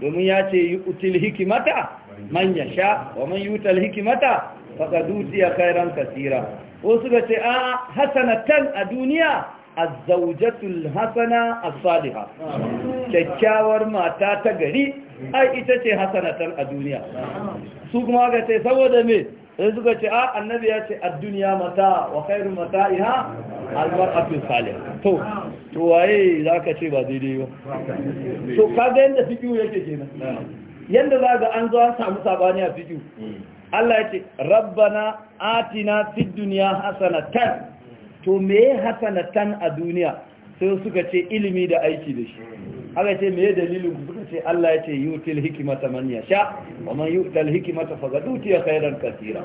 domin ya ce yi util hikimata man ya sha wa man yutal hikimata faka dusiya kairan kasira wasu suka ce a ah, hasanatan a duniya azaujatul hasana as-saliha kyakkyawar mata ta gari ai ita ce hasanatan a duniya su kuma ga ce saboda me sai suka ce a annabi ya ce ad-dunya mata wa khairu mata'iha al-mar'atu salihah to to waye zaka ce ba daidai ba to kaga yanda fikiyu yake kenan yanda ga an zo an samu sabani a fiki. Allah ya ce rabbana atina fid dunya hasanatan to me hasanatan a duniya sai suka ce ilimi da aiki da shi aka ce me dalilin suka ce Allah ya ce yutil hikimata man yasha wa man yutil hikimata faqad utiya khairan katira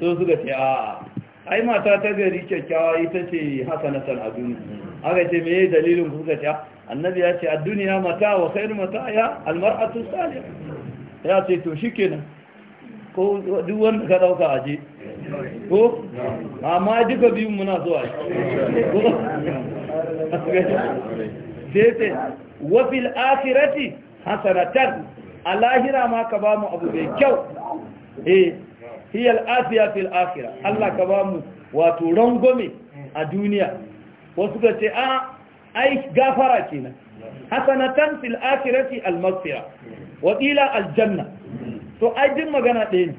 sai suka ce a ai mata ta gari kyakkyawa ita ce hasanatan a duniya aka ce me dalilin suka ce annabi ya ce a duniya mata wa khairu mata ya almar'atu salih ya ce to shikenan ko duk wanda ka dauka aje ko amma duka biyun muna zuwa sai wafil afirati hasanatan a lahira ma ka ba mu abu mai kyau eh hiyar afiya fil afira Allah ka ba mu wato rangome a duniya wasu ka ce a ah, ai gafara kenan hasanatan fil afirati al-maghfira wa qila al to ai din magana ɗaya ne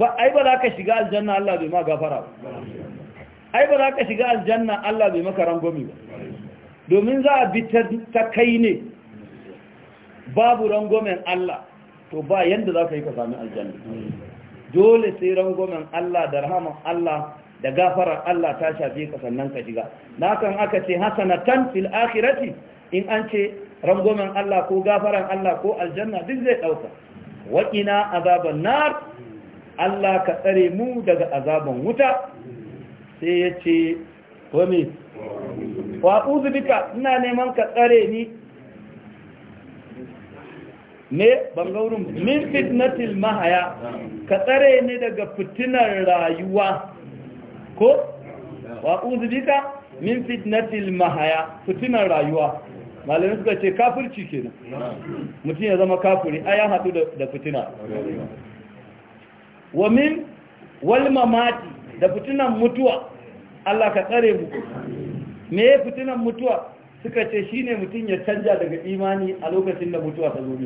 ba ai ba za ka shiga aljanna Allah bai ma gafara ba ai ba za ka shiga aljanna Allah bai maka rangwami ba domin za a bi ta kai ne babu rangwamen Allah to ba yadda za ka yi ka sami aljanna dole sai rangwamen Allah da rahaman Allah da gafarar Allah ta shafe ka sannan ka shiga na kan aka ce hasanatan fil akhirati in an ce rangwamen Allah ko gafaran Allah ko aljanna duk zai dauka waqina azaban nar Allah ka tsare mu daga azaban wuta sai ya ce wame wa uzubika ina neman ka tsare ni ne bangaurin min fitnatil mahaya ka tsare ni daga fitinar rayuwa ko wa uzubika min fitnatil mahaya fitinar rayuwa malamin suka ce kafirci kenan mutum ya zama kafiri a ya haɗu da fitina wa min wal mati da fitinan mutuwa Allah ka tsare mu me ya fitinan mutuwa suka ce shine mutum ya canja daga imani a lokacin da mutuwa ta zo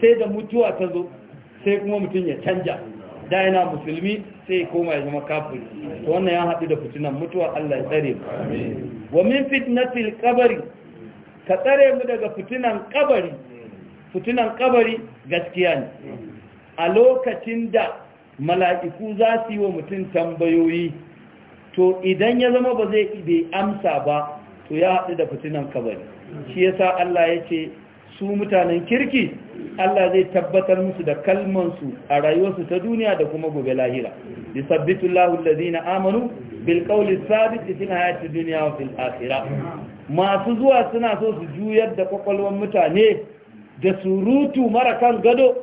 sai da mutuwa ta zo sai kuma mutum ya canja da yana musulmi sai koma ya zama kafiri to wannan ya haɗu da fitinan mutuwa Allah ya tsare mu wa min fitnatil qabri ka tsare mu daga fitinan kabari fitinan kabari gaskiya ne a lokacin da mala'iku za su yi wa mutum tambayoyi to idan ya zama ba zai bai amsa ba to ya haɗu da fitinan kabari shi ya sa Allah ya ce su mutanen kirki Allah zai tabbatar musu da kalmansu a rayuwarsu ta duniya da kuma gobe lahira yusabbitu Allahu allazina amanu bilkaulis sabit thabit fil hayati wa fil masu zuwa suna so su juyar da kwakwalwar mutane da surutu mara kan gado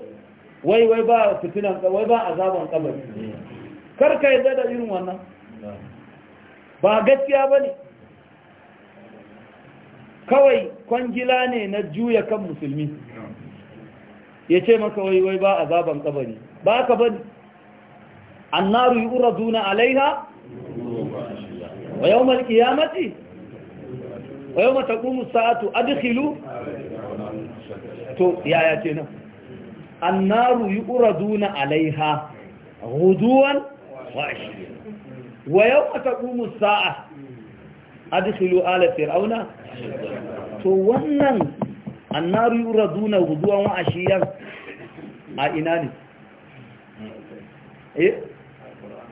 wai wai ba fitinan wai ba azaban kabari kar ka yadda da irin wannan ba gaskiya bane kawai kwangila ne na juya kan musulmi ya ce maka wai wai ba azaban kabari ba ka bane annaru yuraduna alaiha wa yawmal qiyamati wa yawma taqumu as-sa'atu adkhilu to yaya kenan annaru yu'raduna alaiha ghuduwan wa ashiya wa yawma a as-sa'a adkhulu ala fir'auna to wannan annaru yi yu'raduna ghuduwan wa ashiya a ina ne eh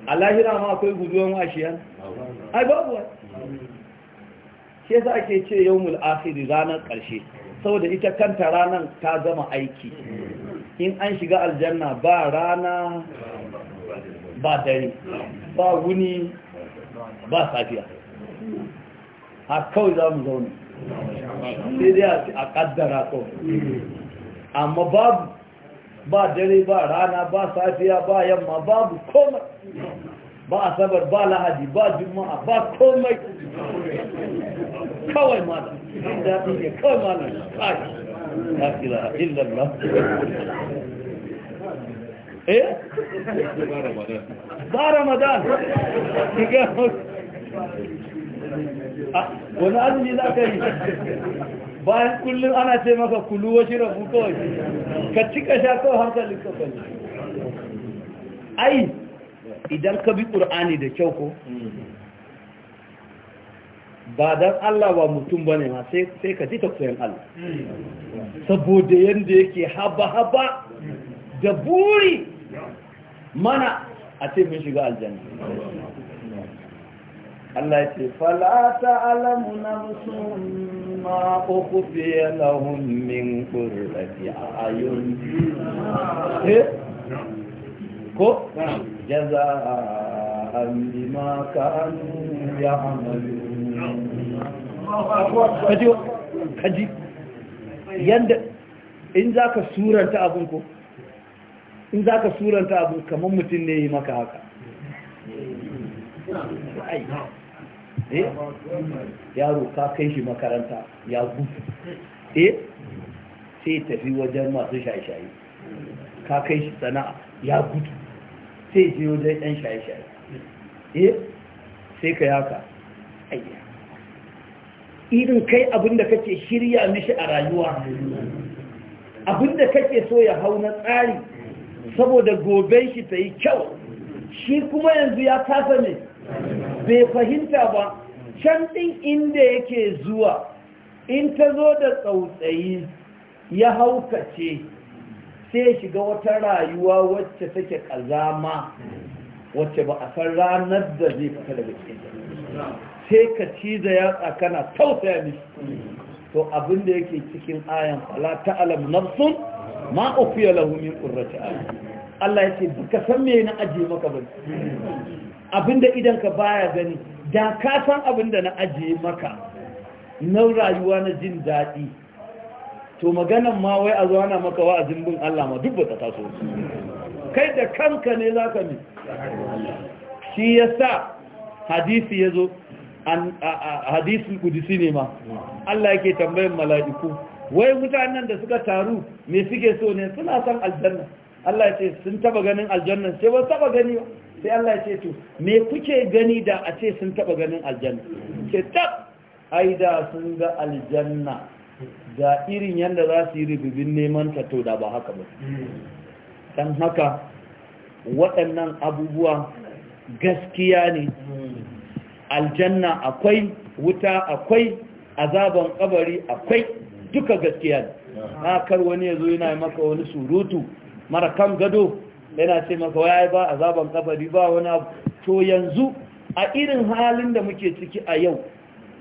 alahira ma akwai ghuduwan wa ashiya ai babu ke za ake ce yawmul akhir ranar ƙarshe saboda ita kanta ranar ta zama aiki in an shiga aljanna ba rana ba dare ba wuni ba safiya a kawai za mu zaune sai dai a kaddara kawai amma babu ba dare ba rana ba safiya ba yamma babu komai ba asabar ba lahadi ba juma'a ba komai kawai mana daɗi ne kawai mana la ilaha illallah eh ba ramadan wani za ka yi bayan kullum ana ce maka kulu wa shirafu ka sha kawai ai idan ka bi ƙur'ani da kyau ko ba dan Allah ba mutum bane ma sai ka ji ta koyan Allah saboda yanda yake haba haba da buri mana a ce mun shiga aljanna Allah ce fala ta'lamu nafsun ma ukhfiya lahum min qurrati a'yun eh? ko jazaa'an bima ya ya'malun kaji yadda in za ka suranta abin ko in za ka suranta abin kamar mutum ne yi maka haka eh? yaro ka kai shi makaranta ya gudu E sai tafi wajen masu shaye-shaye ka kai shi sana'a ya gudu sai je wajen ɗan shaye-shaye E sai ka yaka ayya irin kai abin da kake shirya mishi a rayuwa abin da kake so ya hau na tsari saboda gobe shi ta yi kyau shi kuma yanzu ya kasa ne bai fahimta ba can ɗin inda yake zuwa in ta zo da tsautsayi ya haukace sai shiga wata rayuwa wacce take kazama wacce ba a san ranar da zai fita daga cikin sai ka da yatsa kana tausaya ne to abin da yake cikin ayan fala ta'lam nafsun ma ufiya lahu min qurrati a'yun Allah yake baka san me na aje maka ba abinda idan ka baya gani da ka san abinda na aje maka na rayuwa na jin daɗi to maganan ma wai a zuwa maka wa'azin bin Allah ma duk ta taso kai da kanka ne zaka ne shi yasa hadisi yazo hadisul kudisi ne ma Allah yake tambayin mala'iku wai mutanen da suka taru me suke so ne suna son aljanna Allah ya ce sun taba ganin aljanna sai ba taba gani ba sai Allah ya ce to me kuke gani da a ce sun taba ganin aljanna ce tab ai da sun ga aljanna da irin yanda za su yi rububin neman ta to da ba haka ba dan haka waɗannan abubuwa gaskiya ne aljanna akwai wuta akwai azaban kabari akwai duka gaskiya na kar wani yazo zo yana maka wani surutu mara kan gado yana ce maka wai ba azaban kabari ba wani to yanzu a irin halin da muke ciki a yau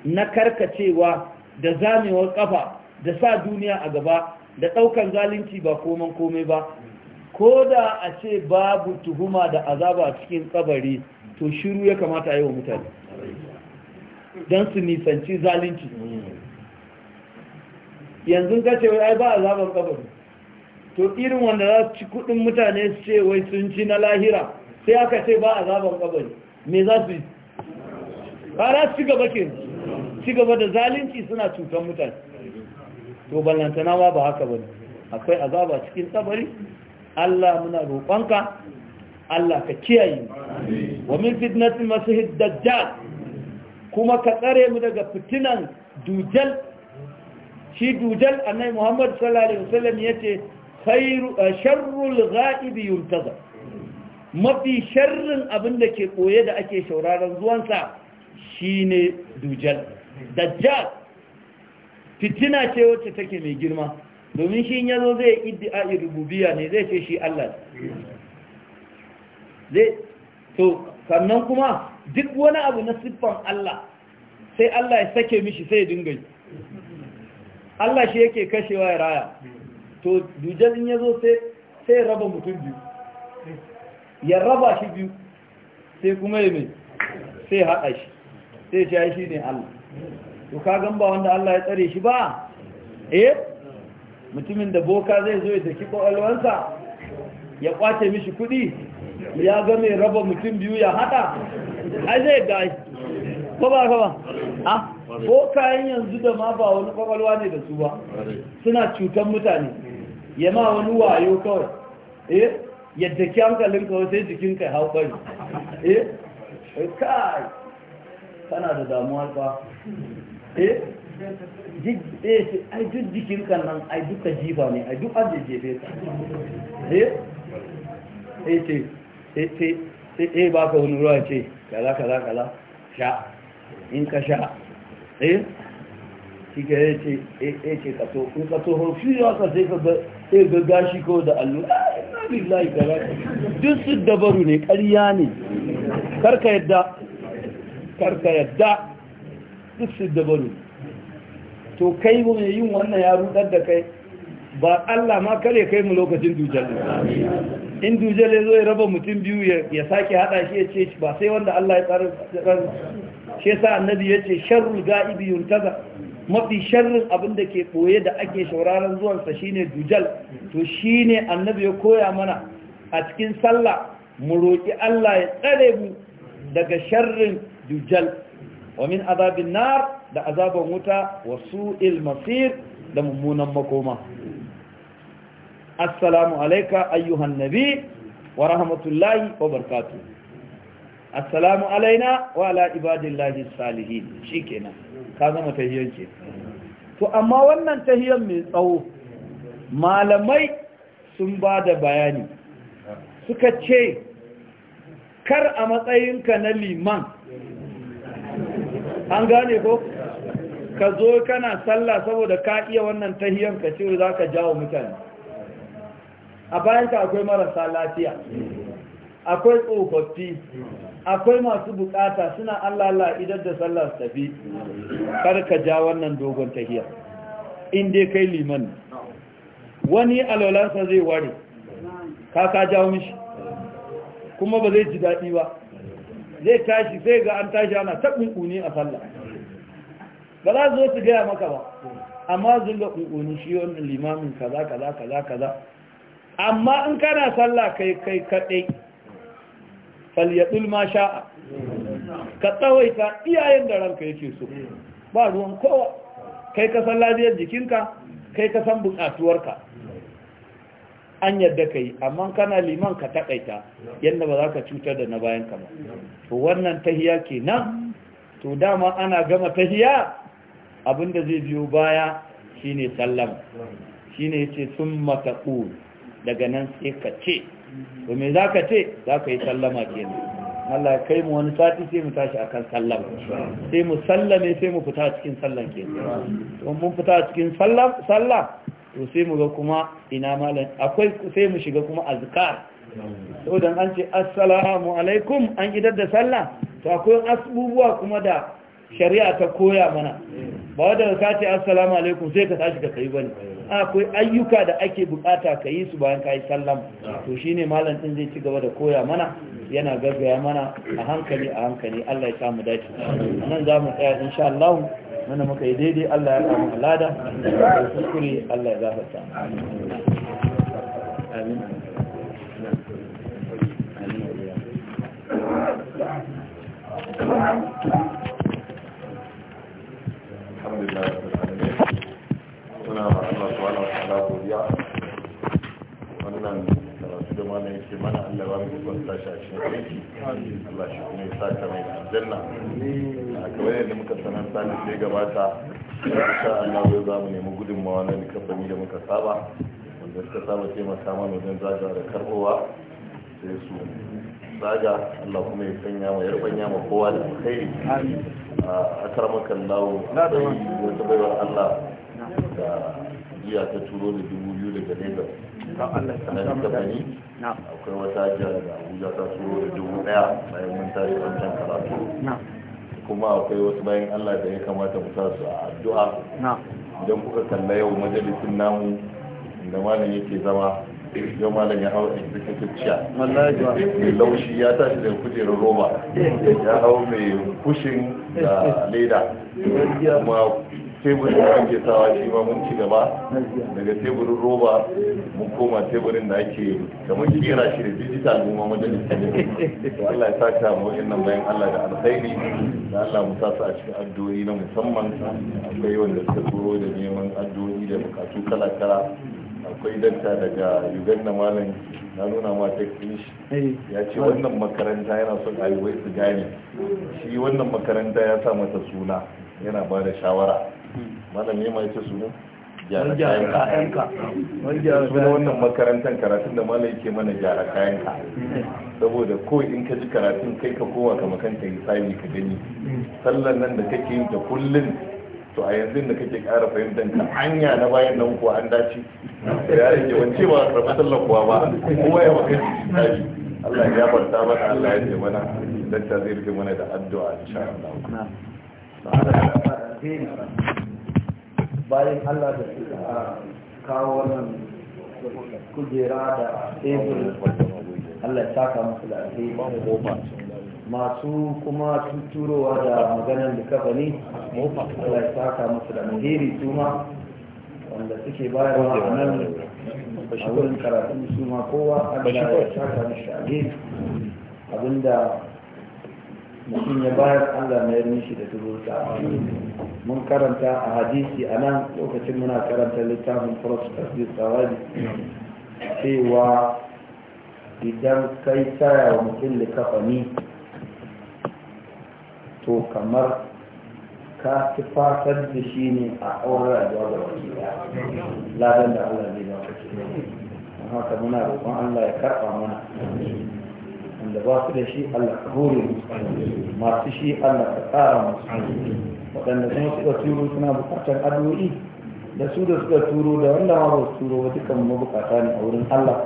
na karkacewa da zamewar kafa da sa duniya a gaba da daukan zalunci ba koman komai ba ko da a ce babu tuhuma da azaba cikin kabari to shiru ya kamata yi wa mutane don su nisanci zalunci yanzu ka ce wai ai ba azabar kabari to irin wanda za su ci kudin mutane su ce wai sun ci na lahira sai aka ce ba azabar kabari me za su yi ba za su ci gaba ke ci gaba da zalunci suna cutar mutane to ballantana ma ba haka bane akwai azaba cikin tsabari Allah muna roƙonka Allah ka kiyaye wa min fitnatin masu hiddajjal kuma ka tsare mu daga fitinan dujal shi dujal annai Muhammadu sallallahu alaihi wasallam yace khairu eh, sharrul ghaib yuntazar mafi sharrin abinda ke koye da ake shauraron zuwansa shi ne dujal dajjal fitina ce wacce take mai girma domin shi yazo zai iddia rububiyya ne zai ce shi Allah zai to sannan kuma duk wani abu na siffan Allah sai Allah ya sake mishi sai ya dinga yi Allah shi yake kashewa ya raya to duje in yazo sai sai raba mutum biyu ya raba shi biyu sai kuma ya mai sai haɗa shi sai ya shi ne Allah to kagan ba wanda Allah ya tsare shi ba eh mutumin da boka zai zo ya daki kwakwalwansa ya kwace mishi kuɗi ya ga mai raba mutum biyu ya haɗa ai zai ga ko ba ka ba a ko kayan yanzu da ma ba wani kwakwalwa ne da su ba suna cutan mutane ya ma wani wayo kawai eh yadda ki hankalin ka sai jikin kai hau bari eh, eh kai kana da damuwa ba eh, eh ai duk jikin ka nan ai duka jifa ne ai duk an jefe ka eh eh ce eh eh ba ka wani ruwa ce kala kala kala sha in ka sha eh shi ka yace eh, ce ka to in ka to hofi ya ka sai ka ga gashi ko da allu ah, inna billahi duk su dabaru ne karya ne karka yadda karka yadda duk su dabaru to kai mu yin wannan ya rudar da kai ba Allah ma kare kai mu lokacin dujal in dujal ya zo ya raba mutum biyu ya sake hada shi ya ce ba sai wanda Allah ya tsara shi yasa annabi yace sharru ga'ibi yuntaza mafi sharrin abin da ke koye da ake shauraron zuwansa shine dujal to shine annabi ya koya mana a cikin sallah mu roƙi Allah ya tsare mu daga sharrin dujal wa min azabin nar da azaban wuta wa su'il masir da mummunan makoma assalamu alayka ayyuhan nabi wa rahmatullahi wa barakatuh assalamu alaina wa ala ibadillahi salihin shikenan ka zama tahiyyar ke to amma wannan tahiyan mai tsawo malamai sun ba da bayani suka ce kar a matsayinka na liman an gane ko ka zo kana sallah saboda ka iya wannan tahiyan ka ce za ka jawo mutane a bayanka akwai marasa lafiya akwai tsofaffi akwai masu bukata suna Allah-la, Allah idan da sallah su tafi karka ja wannan dogon tahiya in dai kai liman wani alwalansa zai ware Ka kaka jawo mishi kuma ba zai ji daɗi ba zai tashi sai ga an tashi ana taɓin ƙuni a sallah ba za su su gaya maka ba amma zunga ƙuni shi wannan limamin kaza kaza kaza kaza amma in kana sallah kai kai kaɗai falyadul ma sha'a ka tsawaita iyayen da ranka yake so ba ruwan kowa kai ka san lafiyar jikinka kai ka san bukatuwarka an yadda ka yi amma kana liman ka taƙaita, yadda ba za ka cutar da na bayan ka ba to wannan tahiya nan, to dama ana gama tahiya abinda zai biyo baya shine sallama shine yace mata taqul daga nan sai ka ce to me za ka ce za ka yi sallama kenan Allah ya kai mu wani sati sai mu tashi akan sallam sai mu sallame sai mu fita cikin sallan kenan to mun fita cikin sallan, sallah to sai mu ga kuma ina malam akwai sai mu shiga kuma azkar dan an ce assalamu alaikum an idar da sallah to akwai asubuwa kuma da shari'a ta koya mana ba wadda ka ce assalamu alaikum sai ka tashi ka sayi bane akwai ayyuka da ake bukata ka yi su bayan ka yi sallama to shine malam din zai ci gaba da koya mana yana gaggaya mana a hankali a hankali Allah ya samu dace nan za mu tsaya insha Allah mana muka yi daidai Allah ya samu alada da kuskure Allah ya gafarta
amin Thank you.
alhamdulillah rabbil alamin wannan karatu da mana yake mana Allah ya a cikin a kawai da muka sanar sani sai gabata insha Allah yau za mu nemi gudunmawa na likafani da muka saba wanda suka saba taimaka mana wajen zagawa da karbowa sai su zaga Allah kuma ya sanya ma yarbanya ma kowa da alkhairi a karamakan lawo da wata baiwar Allah da jiya ta turo da dubu biyu daga Lagos na duka bani akwai wata jiya da Abuja ta turo da dubu daya bayan mun tashi wancan karatu kuma akwai wasu bayan Allah da ya kamata mu sa su a addu'a idan kuka kalla yau majalisin namu inda malam yake zama yau malam ya hau executive chair mai laushi ya tashi da kujerar roba ya hau mai kushin da leda kuma teburin da ake sawa shi ma mun ci gaba daga teburin roba mun koma teburin da ake kamar kera shi da digital mu da majalis Allah ya saka mu nan bayan Allah da alkhairi da Allah mu sa a cikin addu'o'i na musamman akwai wanda suka zo da neman addu'o'i da bukatu kala kala akwai dakta daga uganda malam na nuna ma tekstin eh. ya ce wannan makaranta yana son ɗalibai su gane shi wannan makaranta ya sa mata suna yana ba da shawara malam ya ma ya ce suna gyara kayanka suna wannan makarantar karatun da malam yake mana gyara ka saboda ko in ka ji karatun kai ka kowa ka makanta yi sami ka gani mm. sallan nan da kake yin ta kullum to a yanzu da kake kara fahimtar ka hanya na bayan nan ko an dace ya rage wance ba rabu sallan kuwa ba kuma ya maka tsari Allah ya gafarta mana Allah ya ce mana dan ta zai rufe mana da addu'a insha
Allah bayan Allah da kawo wannan kujera da tebur Allah ya saka musu da alheri masu kuma tuturowa da maganar da kafani Allah ya saka musu da alheri su wanda suke bayarwa a nan a wurin karatun su ma kowa an da ya saka mishi a abinda mutum ya bayar allah mayar shi da turuta mun karanta a hadisi a nan lokacin muna karanta littafin farsu tasir tsawadi cewa idan kai taya wa mutum ni to kamar ka tufatar da shi ne a auren rayuwa da wani ladan da Allah zai ba don haka muna roƙon Allah ya karɓa mana wanda ba su da shi Allah ka hore masu shi Allah ka tsara musu waɗanda kuma suka turo suna buƙatar addu'o'i da su da suka turo da wanda ma ba su turo ba dukkan mu buƙata ne a wurin Allah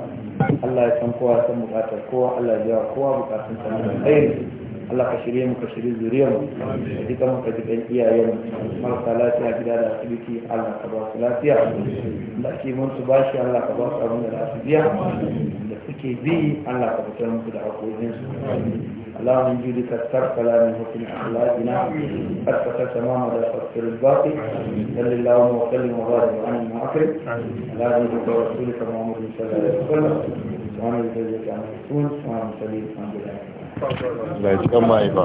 Allah ya san kowa ya san buƙatar kowa Allah ya biya kowa buƙatun sa na alheri Allah ka shirye mu ka shirye zuriyar mu da duka mu ka dukan iyayen mu marasa lafiya gida da asibiti Allah ka ba su lafiya da ake mun su bashi Allah ka ba su abin da su biya da suke bi Allah ka fitar musu da hakokin su اللهم من جودك الترك لا من حسن اخلاقنا اتقى تمام ولا تغفر الباقي صل اللهم وسلم وبارك
على المعقل على نبيك ورسولك محمد صلى الله عليه وسلم وعن الذي
كان رسول وعن سبيل الحمد لله da cikin mahaifa